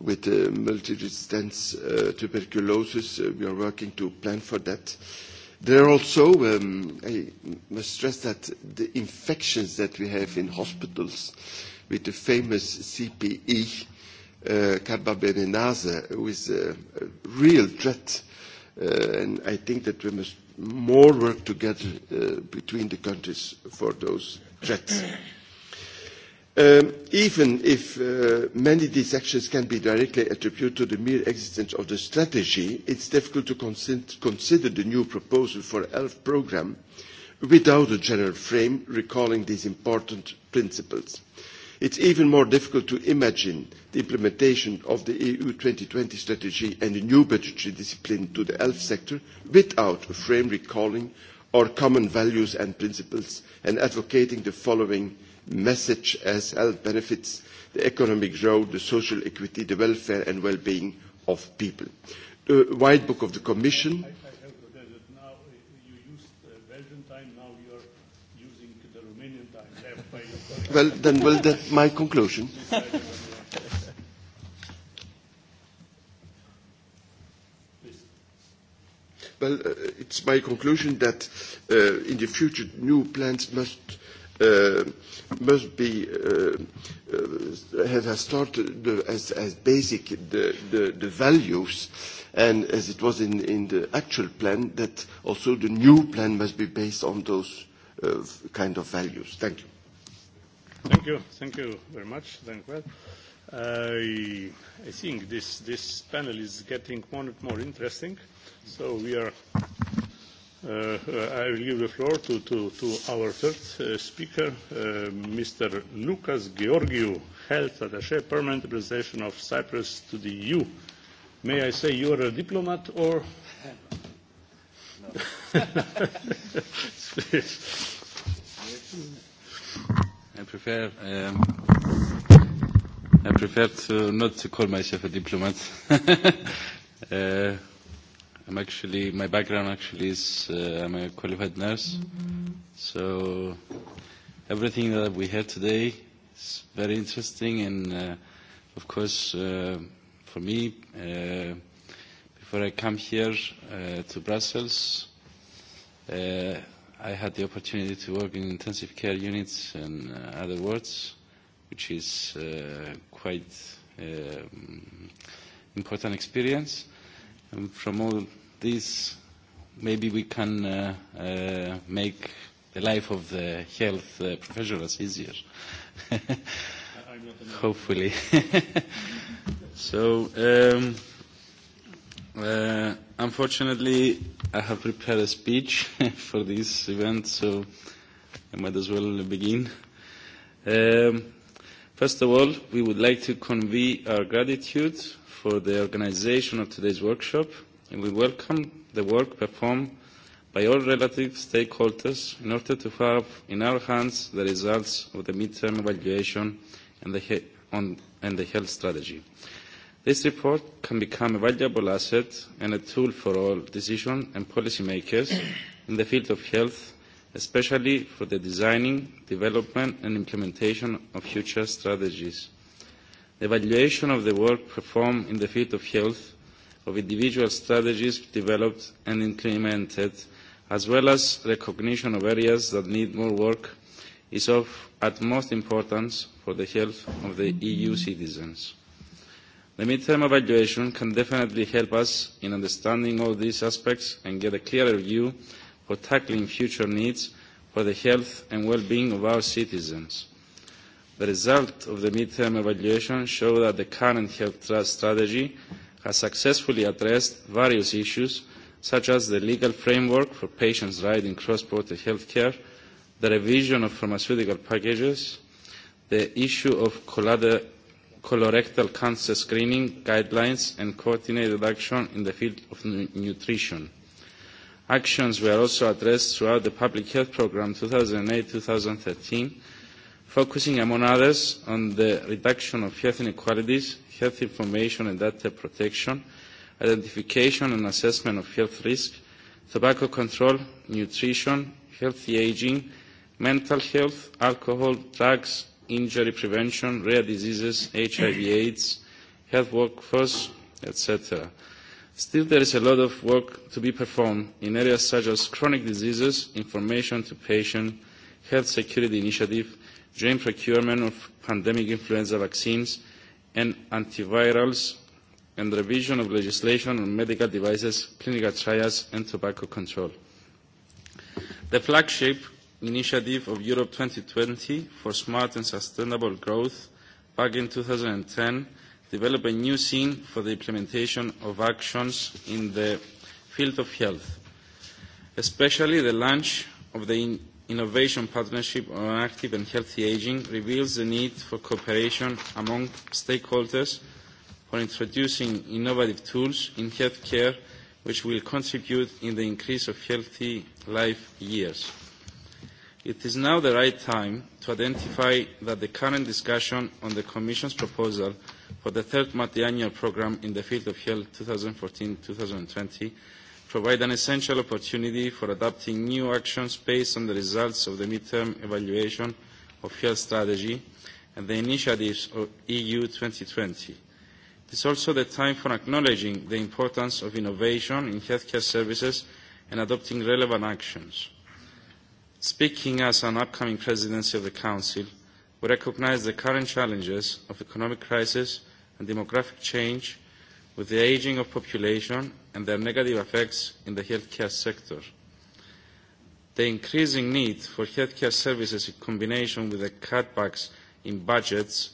with multi-resistance tuberculosis. We are working to plan for that. There are also, I must stress that the infections that we have in hospitals with the famous CPE, carbapenemase, is a real threat. And I think that we must more work together between the countries for those threats. Even if many of these actions can be directly attributed to the mere existence of the strategy, it is difficult to consider the new proposal for ELF programme without a general frame recalling these important principles. It is even more difficult to imagine the implementation of the EU 2020 strategy and the new budgetary discipline to the ELF sector without a frame recalling our common values and principles and advocating the following message as health benefits the economic growth, the social equity, the welfare and well-being of people. The White Book of the Commission. Well, then, well, that's my conclusion. Well, it's my conclusion that in the future new plans must must be has started as basic the values and as it was in the actual plan that also the new plan must be based on those kind of values. Thank you. Thank you. Thank you very much. Thank you. I think this this panel is getting more and more interesting. So we are I will give the floor to our third speaker, Mr. Lucas Georgiou, Health Attaché, Permanent Representation of Cyprus to the EU. May I say you are a diplomat or? I prefer. I prefer to not to call myself a diplomat. I'm actually, my background actually is uh, I'm a qualified nurse. So everything that we had today is very interesting and uh, of course uh, for me, uh, before I come here uh, to Brussels, uh, I had the opportunity to work in intensive care units and other wards, which is uh, quite um, important experience. From all this, maybe we can make the life of the health professionals easier. Hopefully. So, unfortunately, I have prepared a speech for this event, so I might as well begin. First of all, we would like to convey our gratitude for the organisation of today's workshop, and we welcome the work performed by all relative stakeholders in order to have in our hands the results of the mid-term evaluation and the health strategy. This report can become a valuable asset and a tool for all decision and policy policymakers in the field of health especially for the designing, development and implementation of future strategies. The evaluation of the work performed in the field of health, of individual strategies developed and implemented, as well as recognition of areas that need more work, is of utmost importance for the health of the EU citizens. The midterm evaluation can definitely help us in understanding all these aspects and get a clearer view for tackling future needs for the health and well-being of our citizens. The result of the mid-term evaluation show that the current health trust strategy has successfully addressed various issues such as the legal framework for patients' rights in cross-border healthcare, the revision of pharmaceutical packages, the issue of colorectal cancer screening guidelines and coordinated action in the field of nutrition. Actions were also addressed throughout the Public Health Programme 2008-2013, focusing, among others, on the reduction of health inequalities, health information and data protection, identification and assessment of health risk, tobacco control, nutrition, healthy ageing, mental health, alcohol, drugs, injury prevention, rare diseases, HIV/AIDS, health workforce, etc. Still, there is a lot of work to be performed in areas such as chronic diseases, information to patients, health security initiative, joint procurement of pandemic influenza vaccines and antivirals, and revision of legislation on medical devices, clinical trials and tobacco control. The flagship initiative of Europe 2020 for smart and sustainable growth, back in 2010, develop a new scene for the implementation of actions in the field of health, especially the launch of the Innovation Partnership on Active and Healthy Aging reveals the need for cooperation among stakeholders for introducing innovative tools in healthcare which will contribute in the increase of healthy life years. It is now the right time to identify that the current discussion on the Commission's proposal for the third multi-annual programme in the field of health 2014-2020 provide an essential opportunity for adopting new actions based on the results of the mid-term evaluation of health strategy and the initiatives of EU 2020. It is also the time for acknowledging the importance of innovation in healthcare services and adopting relevant actions. Speaking as an upcoming presidency of the Council, we recognise the current challenges of economic crisis and demographic change with the ageing of population and their negative effects in the healthcare sector. The increasing need for healthcare services in combination with the cutbacks in budgets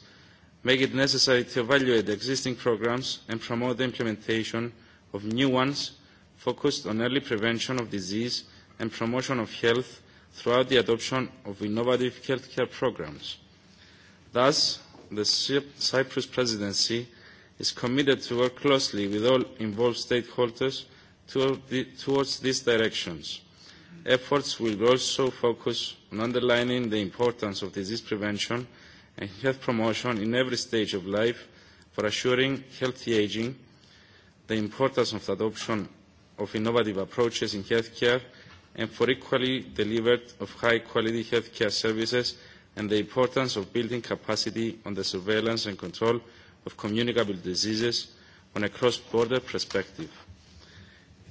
make it necessary to evaluate existing programmes and promote the implementation of new ones focused on early prevention of disease and promotion of health throughout the adoption of innovative healthcare programmes. Thus, the Cyprus Presidency is committed to work closely with all involved stakeholders towards these directions. Efforts will also focus on underlining the importance of disease prevention and health promotion in every stage of life for assuring healthy ageing, the importance of the adoption of innovative approaches in healthcare, and for equally delivered of high-quality healthcare services and the importance of building capacity on the surveillance and control of communicable diseases on a cross-border perspective.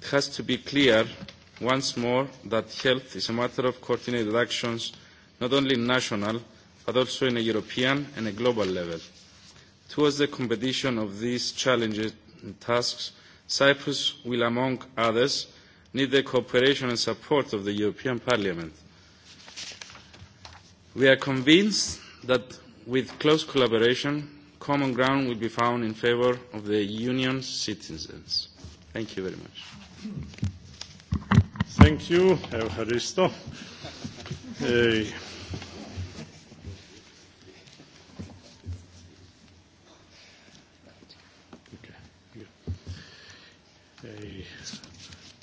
It has to be clear once more that health is a matter of coordinated actions not only national but also in a European and a global level. Towards the competition of these challenges and tasks, Cyprus will, among others, need the cooperation and support of the European Parliament We are convinced that with close collaboration, common ground will be found in favour of the Union's citizens. Thank you very much. Thank you, Eucharisto.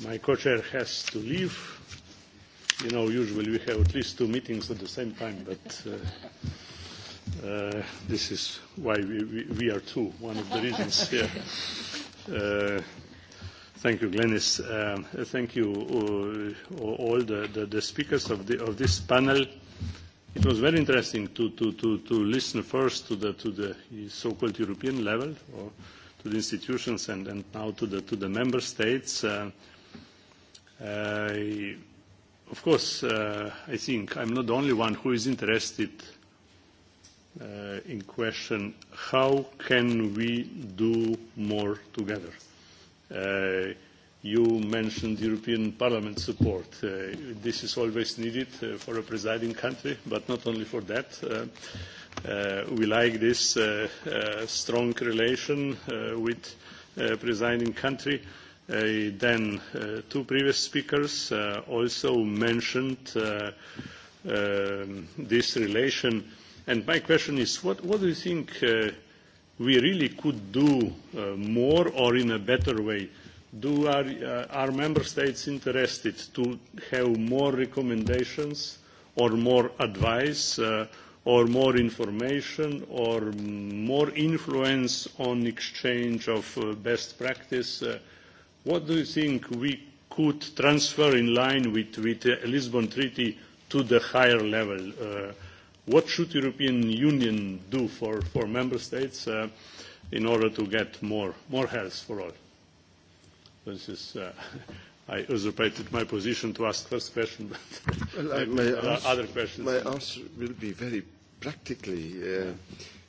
My co-chair has to leave. You know, usually we have at least two meetings at the same time, but this is why we are two, one of the reasons here. Thank you, Glenis. Thank you all the speakers of this panel. It was very interesting to listen first to the so-called European level, or to the institutions, and now to the member states. Of course, I think I'm not the only one who is interested in question how can we do more together. You mentioned European Parliament support. This is always needed for a presiding country, but not only for that. We like this strong relation with presiding country Then two previous speakers also mentioned this relation. And my question is, what do you think we really could do more or in a better way? Do Are member states interested to have more recommendations or more advice or more information or more influence on exchange of best practice? What do you think we could transfer in line with the Lisbon Treaty to the higher level? What should European Union do for member states in order to get more more health for all? This is I usurpated my position to ask first question, but other questions. My answer will be very practically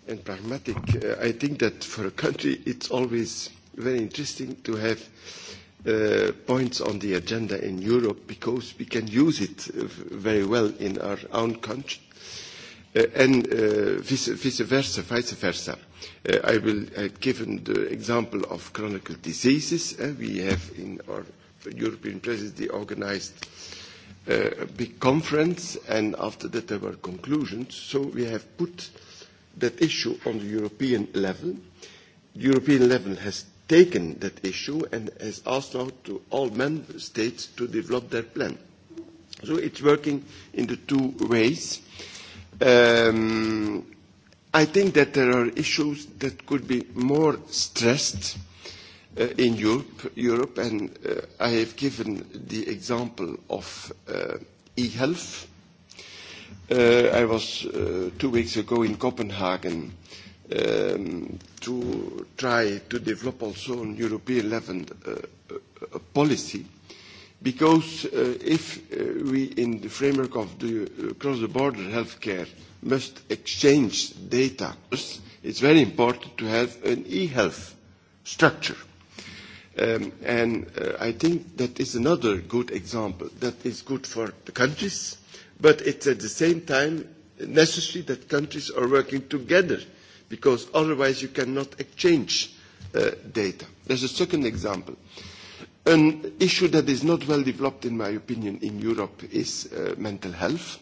and pragmatic. I think that for a country it's always very interesting to have points on the agenda in Europe because we can use it very well in our own country and vice versa, vice versa. I will have given the example of chronic diseases. We have in our European presidency organized a big conference, and after that there were conclusions. So we have put that issue on the European level. The European level has taken that issue and has asked now to all member states to develop their plan. So it's working in the two ways. I think that there are issues that could be more stressed in Europe, and I have given the example of e-health. I was two weeks ago in Copenhagen to try to develop also on European level policy, because if we, in the framework of the cross-border healthcare, must exchange data, it's very important to have an e-health structure. And I think that is another good example that is good for the countries, but it's at the same time necessary that countries are working together because otherwise you cannot exchange data. There's a second example. An issue that is not well developed, in my opinion, in Europe is mental health.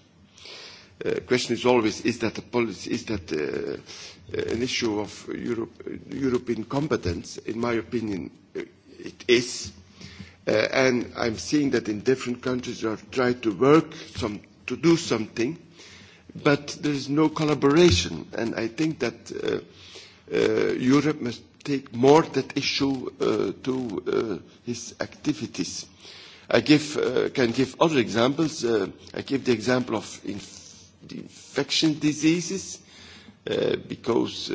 The question is always, is that a policy, is that an issue of European competence? In my opinion, it is. And I'm seeing that in different countries, they are trying to work, to do something but there is no collaboration. And I think that Europe must take more that issue to its activities. I can give other examples. I give the example of infection diseases, because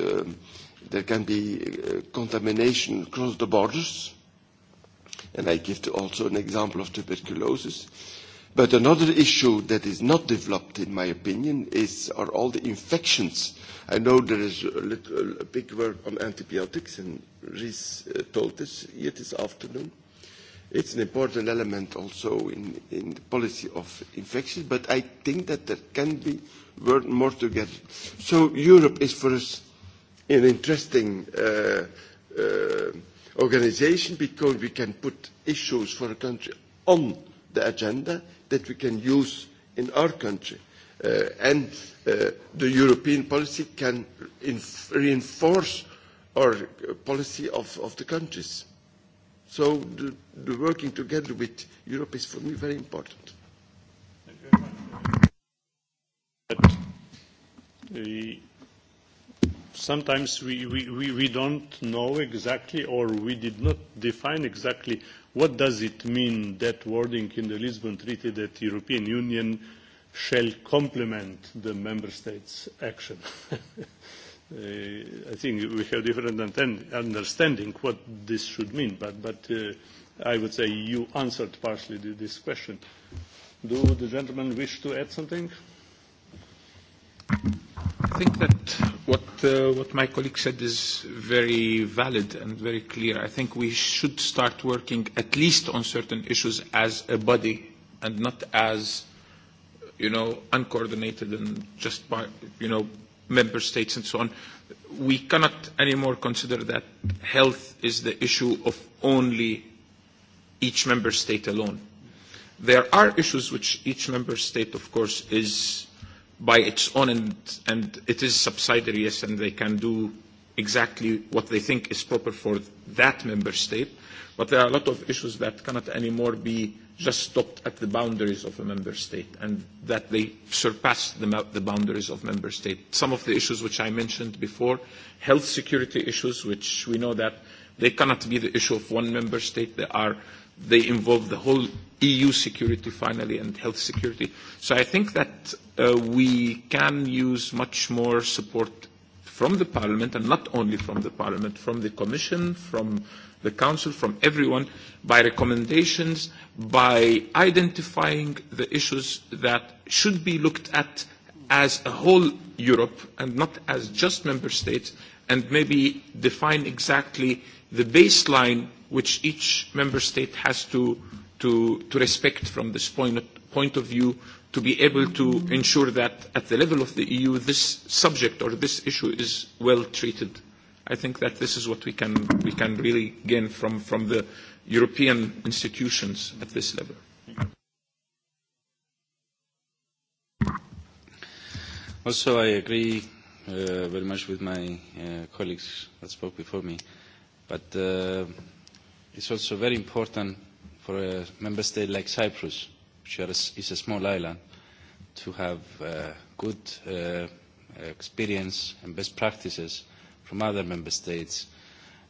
there can be contamination across the borders. And I give also an example of tuberculosis But another issue that is not developed, in my opinion, is are all the infections. I know there is a big work on antibiotics, and Reese told us here this afternoon. It's an important element also in the policy of infections, but I think that there can be work more together. So Europe is for us an interesting organisation because we can put issues for a country on the agenda that we can use in our country. And the European policy can reinforce our policy of the countries. So the working together with Europe is for me very important sometimes we, we, we don't know exactly or we did not define exactly what does it mean that wording in the Lisbon Treaty that the European Union shall complement the member states' action. I think we have different understanding what this should mean, but, but I would say you answered partially this question. Do the gentlemen wish to add something? I think that what what my colleague said is very valid and very clear. I think we should start working at least on certain issues as a body and not as, you know, uncoordinated and just by, you know, member states and so on. We cannot anymore consider that health is the issue of only each member state alone. There are issues which each member state, of course, is by its own and, and it is subsidiary, yes, and they can do exactly what they think is proper for that member state. But there are a lot of issues that cannot anymore be just stopped at the boundaries of a member state and that they surpass the boundaries of member state. Some of the issues which I mentioned before, health security issues, which we know that they cannot be the issue of one member state. They are They involve the whole EU security finally and health security. So I think that we can use much more support from the Parliament and not only from the Parliament, from the Commission, from the Council, from everyone, by recommendations, by identifying the issues that should be looked at as a whole Europe and not as just member states and maybe define exactly the baseline which each member state has to to to respect from this point of view to be able to ensure that at the level of the EU this subject or this issue is well treated. I think that this is what we can we can really gain from the European institutions at this level. Also, I agree very much with my colleagues that spoke before me. But It's also very important for a member state like Cyprus, which is a small island, to have good experience and best practices from other member states,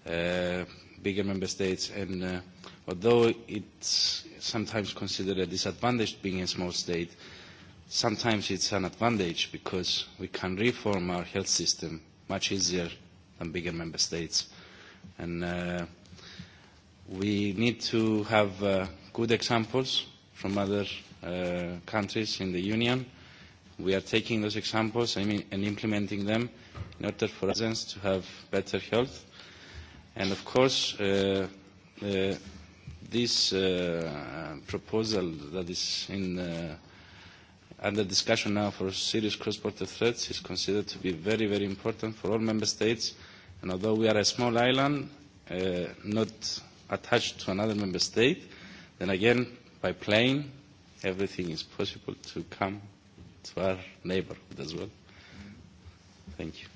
bigger member states. And although it's sometimes considered a disadvantage being a small state, sometimes it's an advantage because we can reform our health system much easier than bigger member states. And We need to have good examples from other countries in the Union. We are taking those examples and implementing them in order for us to have better health. And of course, this proposal that is in under discussion now for serious cross-border threats is considered to be very, very important for all member states. And although we are a small island, not attached to another member state, then again, by plane, everything is possible to come to our neighborhood as well. Thank you.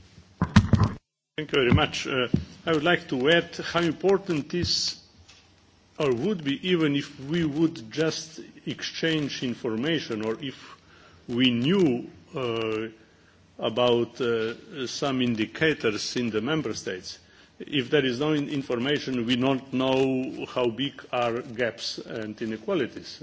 Thank you very much. I would like to add how important this or would be even if we would just exchange information or if we knew about some indicators in the member states If there is no information, we don't know how big are gaps and inequalities.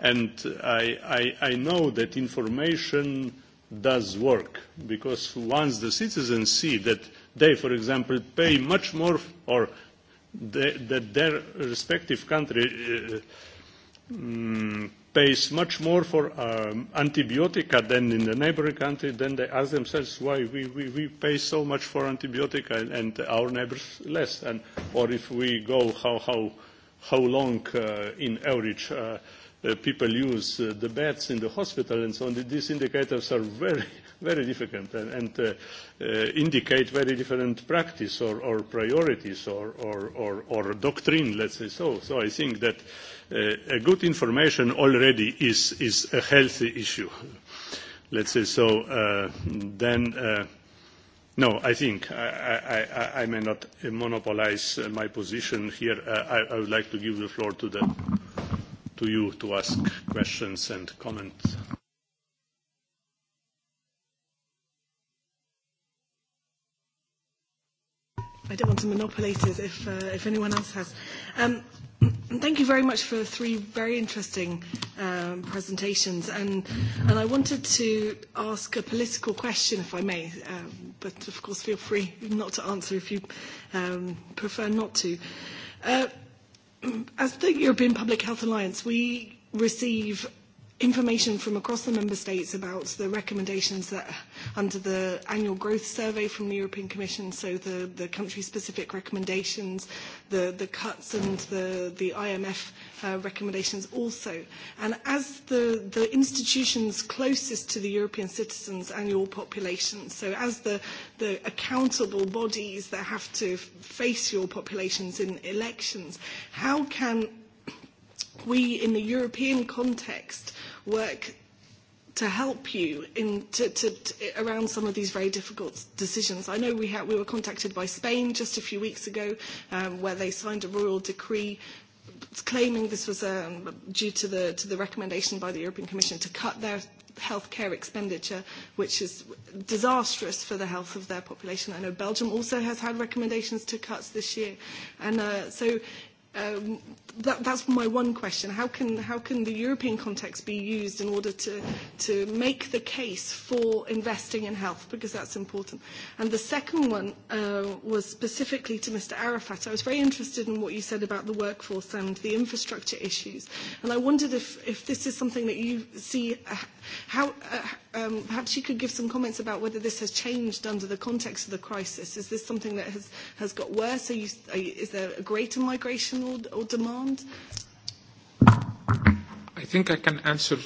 And I know that information does work, because once the citizens see that they, for example, pay much more, or that their respective country pays much more for antibiotica than in the neighboring country, then they ask themselves why we, we, we pay so much for antibiotica and our neighbors less. And, or if we go how, how, how long in average people use the beds in the hospital and so on, these indicators are very, very different and indicate very different practice or priorities or doctrine, let's say so. So I think that a good information already is a healthy issue, let's say so. Then, no, I think I may not monopolize my position here. I would like to give the floor to the to you to ask questions and comment. I don't want to monopolize it if if anyone else has. Thank you very much for three very interesting presentations, and and I wanted to ask a political question, if I may, but of course feel free not to answer if you prefer not to. As the European Public Health Alliance, we receive information from across the member states about the recommendations that under the annual growth survey from the European Commission, so the country-specific recommendations, the cuts and the IMF recommendations also. And as the the institutions closest to the European citizens and your population, so as the the accountable bodies that have to face your populations in elections, how can we in the European context work to help you in to around some of these very difficult decisions. I know we we were contacted by Spain just a few weeks ago where they signed a royal decree claiming this was due to the to the recommendation by the European Commission to cut their healthcare expenditure, which is disastrous for the health of their population. I know Belgium also has had recommendations to cuts this year. And so That's my one question. How can the European context be used in order to make the case for investing in health? Because that's important. And the second one was specifically to Mr. Arafat. I was very interested in what you said about the workforce and the infrastructure issues. And I wondered if this is something that you see, perhaps you could give some comments about whether this has changed under the context of the crisis. Is this something that has got worse? Is there a greater migration? I think I can answer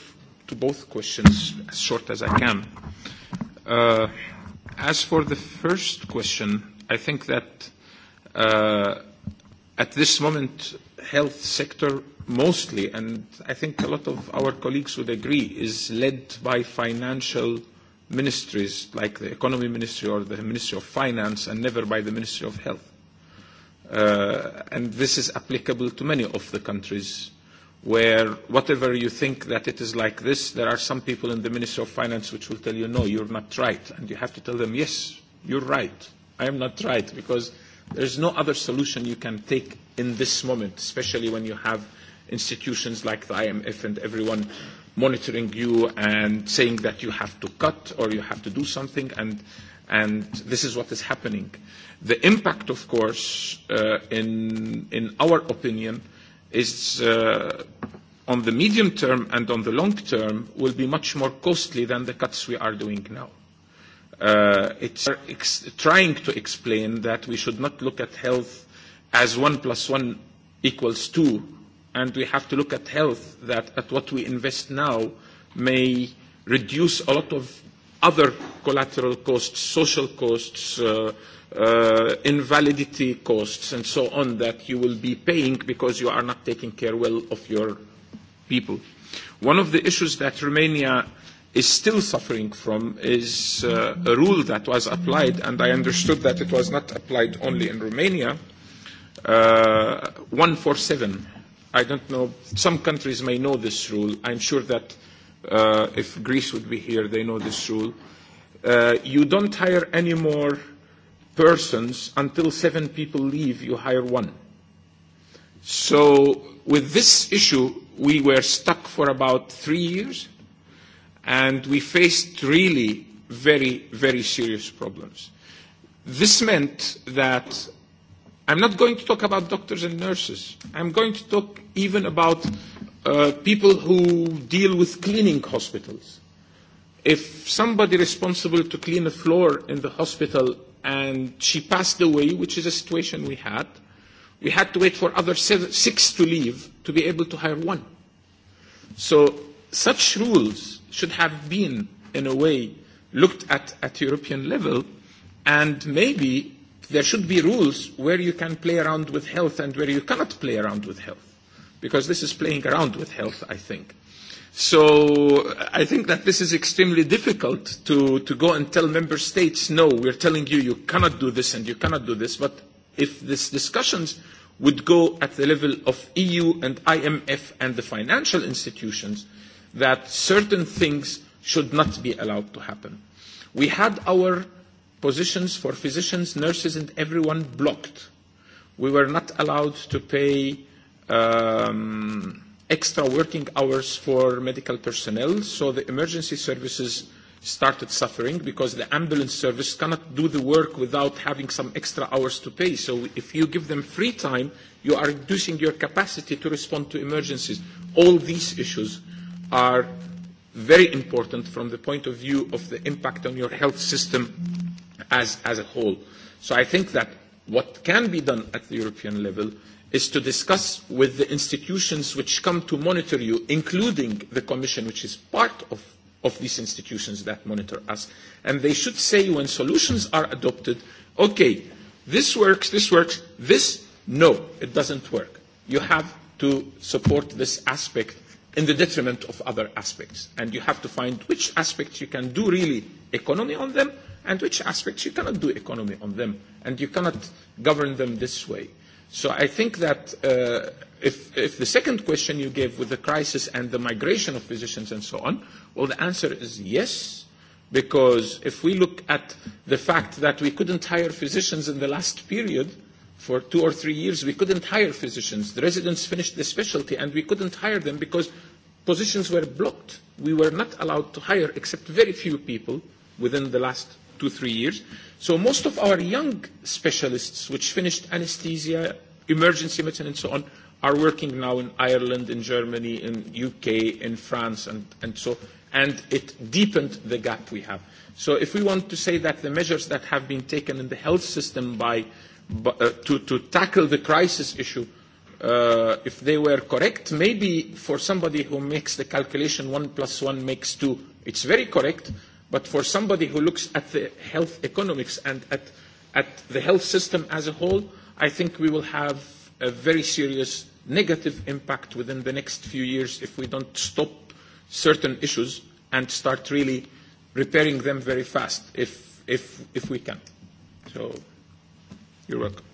to both questions as short as I can. As for the first question, I think that at this moment, health sector mostly, and I think a lot of our colleagues would agree, is led by financial ministries like the Economy Ministry or the Ministry of Finance and never by the Ministry of Health and this is applicable to many of the countries where whatever you think that it is like this, there are some people in the Ministry of Finance which will tell you, no, you're not right. And you have to tell them, yes, you're right. I am not right because there is no other solution you can take in this moment, especially when you have institutions like the IMF and everyone monitoring you and saying that you have to cut or you have to do something. And and this is what is happening. The impact, of course, in our opinion, is on the medium term and on the long term will be much more costly than the cuts we are doing now. It's trying to explain that we should not look at health as one plus one equals two, and we have to look at health that at what we invest now may reduce a lot of other collateral costs, social costs, invalidity costs, and so on that you will be paying because you are not taking care well of your people. One of the issues that Romania is still suffering from is a rule that was applied, and I understood that it was not applied only in Romania, 147. I don't know. Some countries may know this rule. I'm sure that if Greece would be here, they know this rule you don't hire any more persons until seven people leave, you hire one. So with this issue, we were stuck for about three years, and we faced really very, very serious problems. This meant that I'm not going to talk about doctors and nurses. I'm going to talk even about people who deal with cleaning hospitals if somebody responsible to clean the floor in the hospital and she passed away, which is a situation we had, we had to wait for other six to leave to be able to hire one. So such rules should have been, in a way, looked at at European level, and maybe there should be rules where you can play around with health and where you cannot play around with health because this is playing around with health, I think. So I think that this is extremely difficult to go and tell member states, no, we are telling you you cannot do this and you cannot do this. But if these discussions would go at the level of EU and IMF and the financial institutions, that certain things should not be allowed to happen. We had our positions for physicians, nurses and everyone blocked. We were not allowed to pay extra working hours for medical personnel, so the emergency services started suffering because the ambulance service cannot do the work without having some extra hours to pay. So if you give them free time, you are reducing your capacity to respond to emergencies. All these issues are very important from the point of view of the impact on your health system as a whole. So I think that what can be done at the European level is to discuss with the institutions which come to monitor you, including the Commission, which is part of these institutions that monitor us. And they should say when solutions are adopted, okay, this works, this works, this, no, it doesn't work. You have to support this aspect in the detriment of other aspects. And you have to find which aspects you can do really economy on them and which aspects you cannot do economy on them. And you cannot govern them this way. So I think that if the second question you gave with the crisis and the migration of physicians and so on, well, the answer is yes, because if we look at the fact that we couldn't hire physicians in the last period, for two or three years, we couldn't hire physicians. The residents finished the specialty and we couldn't hire them because positions were blocked. We were not allowed to hire except very few people within the last two, three years. So most of our young specialists, which finished anesthesia, emergency medicine and so on, are working now in Ireland, in Germany, in UK, in France, and and so and it deepened the gap we have. So if we want to say that the measures that have been taken in the health system by to to tackle the crisis issue, if they were correct, maybe for somebody who makes the calculation one plus one makes two, it's very correct, but for somebody who looks at the health economics and at the health system as a whole, I think we will have a very serious negative impact within the next few years if we don't stop certain issues and start really repairing them very fast if if if we can. So you're welcome.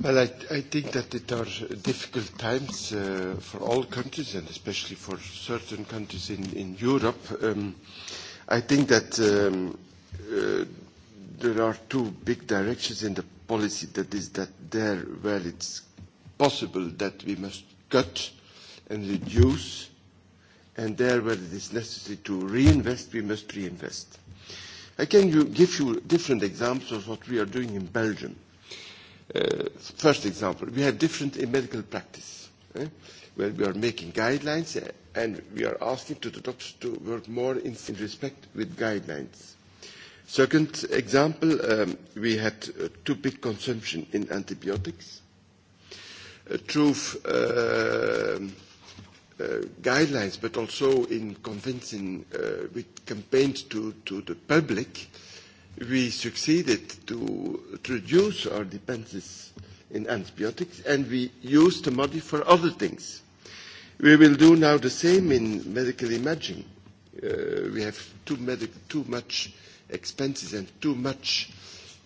Well, I, think that it are difficult times for all countries and especially for certain countries in, in Europe. I think that there are two big directions in the policy. That is that there where it's possible that we must cut and reduce, and there where it is necessary to reinvest, we must reinvest. I can give you different examples of what we are doing in Belgium. First example, we have different in medical practice, where we are making guidelines and we are asking to the doctors to work more in respect with guidelines. Second example, we had too big consumption in antibiotics. Through guidelines, but also in convincing with campaigns to the public, we succeeded to reduce our dependence in antibiotics, and we used the money for other things. We will do now the same in medical imaging. We have too much expenses and too much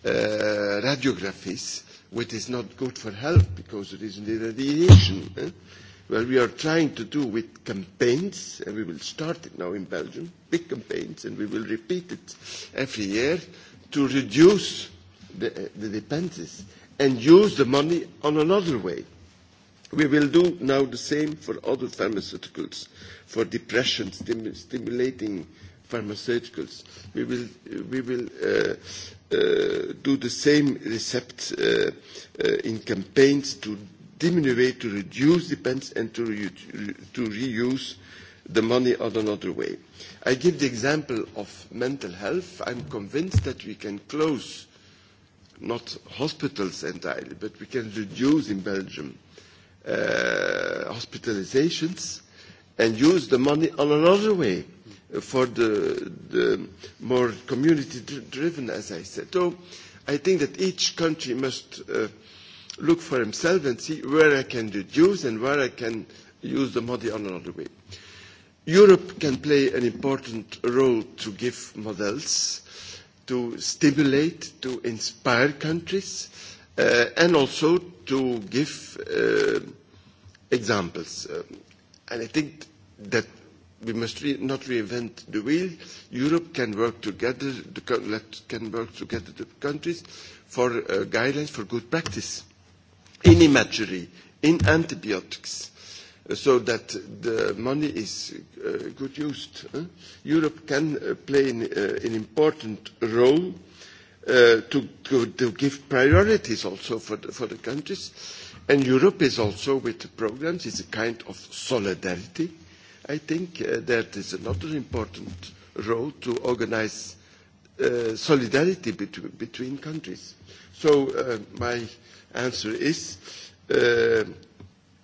radiographies, which is not good for health because it is the radiation. Well, we are trying to do with campaigns, and we will start it now in Belgium, big campaigns, and we will repeat it every year to reduce the dependencies and use the money on another way. We will do now the same for other pharmaceuticals, for depression stimulating pharmaceuticals. We will we will do the same recept in campaigns to diminish, to reduce depends and to reuse the money on another way. I give the example of mental health. I'm convinced that we can close not hospitals entirely, but we can reduce in Belgium hospitalizations and use the money on another way for the more community-driven, as I said. So I think that each country must look for himself and see where I can reduce and where I can use the money on another way. Europe can play an important role to give models, to stimulate, to inspire countries, and also to give examples. And I think that we must not reinvent the wheel. Europe can work together, can work together the countries for guidelines for good practice in imagery, in antibiotics, so that the money is good used. Europe can play an important role to give priorities also for the countries. And Europe is also, with the programs, is a kind of solidarity I think that is another important role to organize solidarity between countries. So my answer is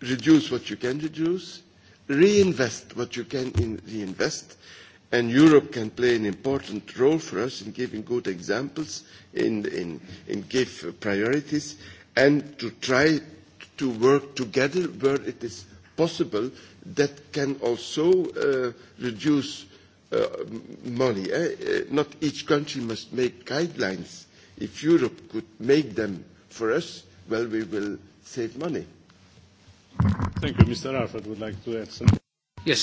reduce what you can reduce, reinvest what you can reinvest, and Europe can play an important role for us in giving good examples, in give priorities, and to try to work together where it is possible that can also reduce money. Not each country must make guidelines. If Europe could make them for us, well, we will save money. Thank you. Mr. would like to add something. Yes.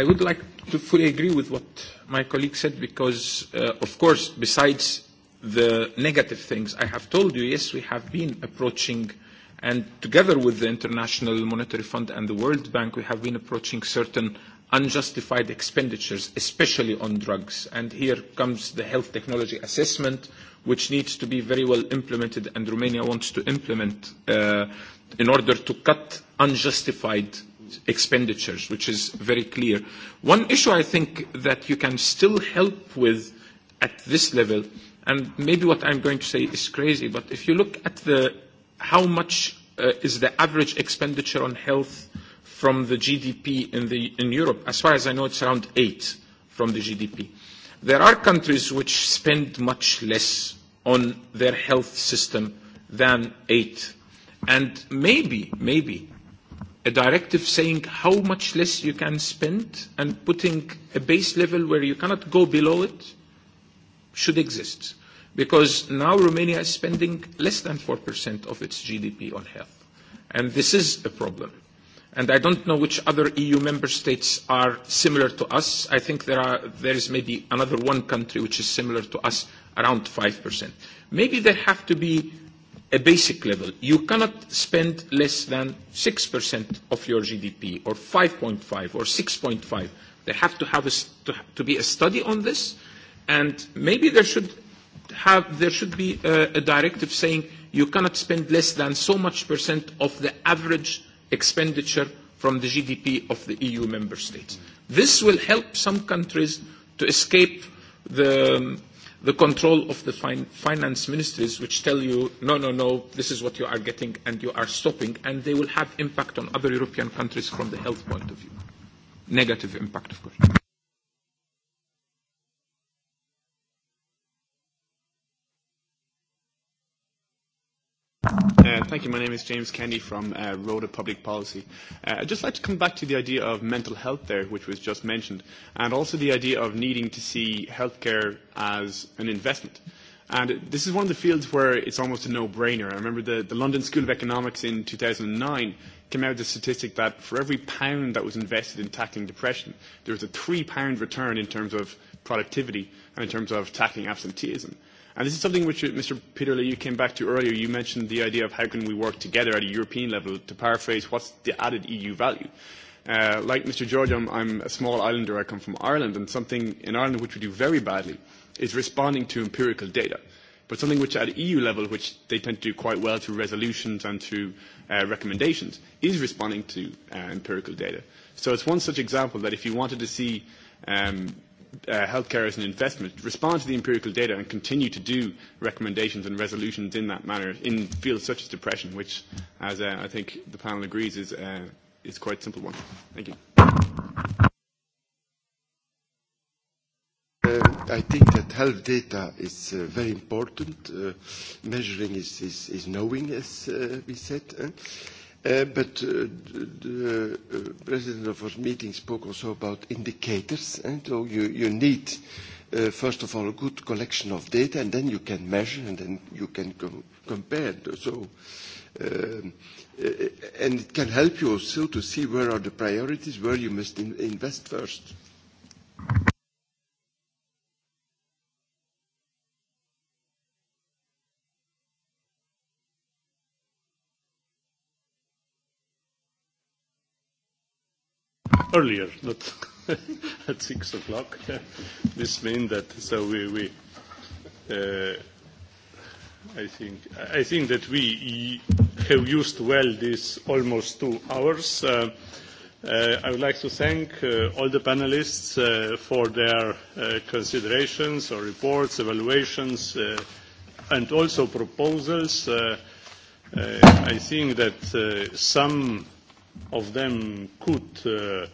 I would like to fully agree with what my colleague said because, of course, besides the negative things I have told you, yes, we have been approaching And together with the International Monetary Fund and the World Bank, we have been approaching certain unjustified expenditures, especially on drugs. And here comes the health technology assessment, which needs to be very well implemented, and Romania wants to implement in order to cut unjustified expenditures, which is very clear. One issue I think that you can still help with at this level, and maybe what I'm going to say is crazy, but if you look at the how much is the average expenditure on health from the GDP in the in Europe? As far as I know, it's around 8 from the GDP. There are countries which spend much less on their health system than 8. And maybe, maybe, a directive saying how much less you can spend and putting a base level where you cannot go below it should exist because now Romania is spending less than 4% of its GDP on health. And this is a problem. And I don't know which other EU member states are similar to us. I think there is maybe another one country which is similar to us, around 5%. Maybe there have to be a basic level. You cannot spend less than 6% of your GDP, or 5.5, or 6.5. There have to be a study on this, and maybe there should have, there should be a directive saying you cannot spend less than so much percent of the average expenditure from the GDP of the EU member states. This will help some countries to escape the control of the finance ministries which tell you, no, no, no, this is what you are getting and you are stopping, and they will have impact on other European countries from the health point of view. Negative impact, of course. Thank you. My name is James Kenny from Rhoda Public Policy. I'd just like to come back to the idea of mental health there, which was just mentioned, and also the idea of needing to see healthcare as an investment. And this is one of the fields where it's almost a no-brainer. I remember the, the London School of Economics in 2009 came out with a statistic that for every pound that was invested in tackling depression, there was a three-pound return in terms of productivity and in terms of tackling absenteeism. And this is something which, Mr. Peterle, you came back to earlier. You mentioned the idea of how can we work together at a European level. To paraphrase, what's the added EU value? Like Mr. George, I'm a small islander. I come from Ireland, and something in Ireland which we do very badly is responding to empirical data, but something which at EU level, which they tend to do quite well through resolutions and through recommendations, is responding to empirical data. So it's one such example that if you wanted to see healthcare as an investment, respond to the empirical data and continue to do recommendations and resolutions in that manner in fields such as depression, which, as I think the panel agrees, is is quite a simple one. Thank you. I think that health data is very important. Measuring is knowing, as we said. But the president of our meeting spoke also about indicators. So you need, first of all, a good collection of data, and then you can measure, and then you can compare. So, and it can help you also to see where are the priorities, where you must invest first. earlier, not at six o'clock. This means that so we, we I think I think that we have used well these almost two hours. I would like to thank all the panelists for their considerations or reports, evaluations, and also proposals. I think that some of them could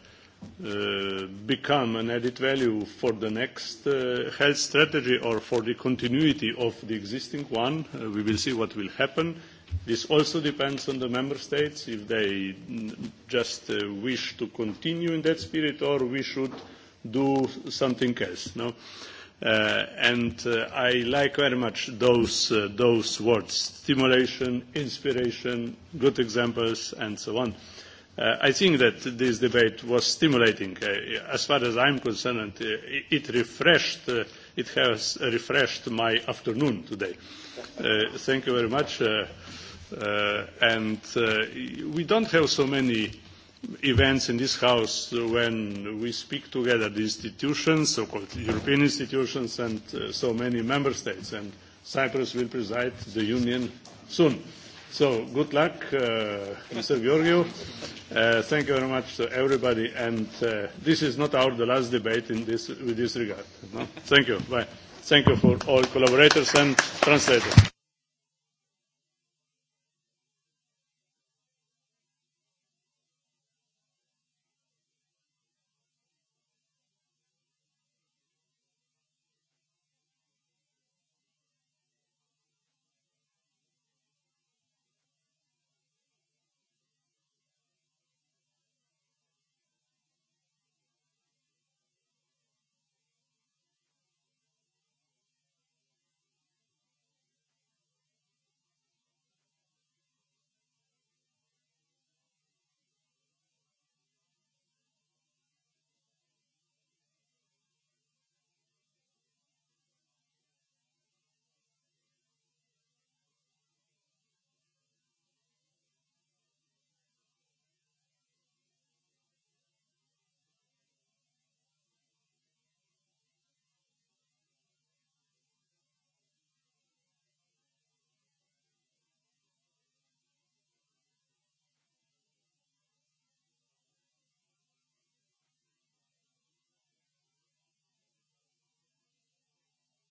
become an added value for the next health strategy or for the continuity of the existing one. We will see what will happen. This also depends on the member states, if they just wish to continue in that spirit or we should do something else. And I like very much those words, stimulation, inspiration, good examples, and so on. I think that this debate was stimulating. As far as I'm concerned, it refreshed, has refreshed my afternoon today. Thank you very much. And we don't have so many events in this House when we speak together, the institutions, so-called European institutions, and so many member states. And Cyprus will preside the Union soon. So good luck, Mr. Giorgio. Thank you very much to everybody. And this is not our the last debate in this with this regard. Thank you. Bye. Thank you for all collaborators and translators.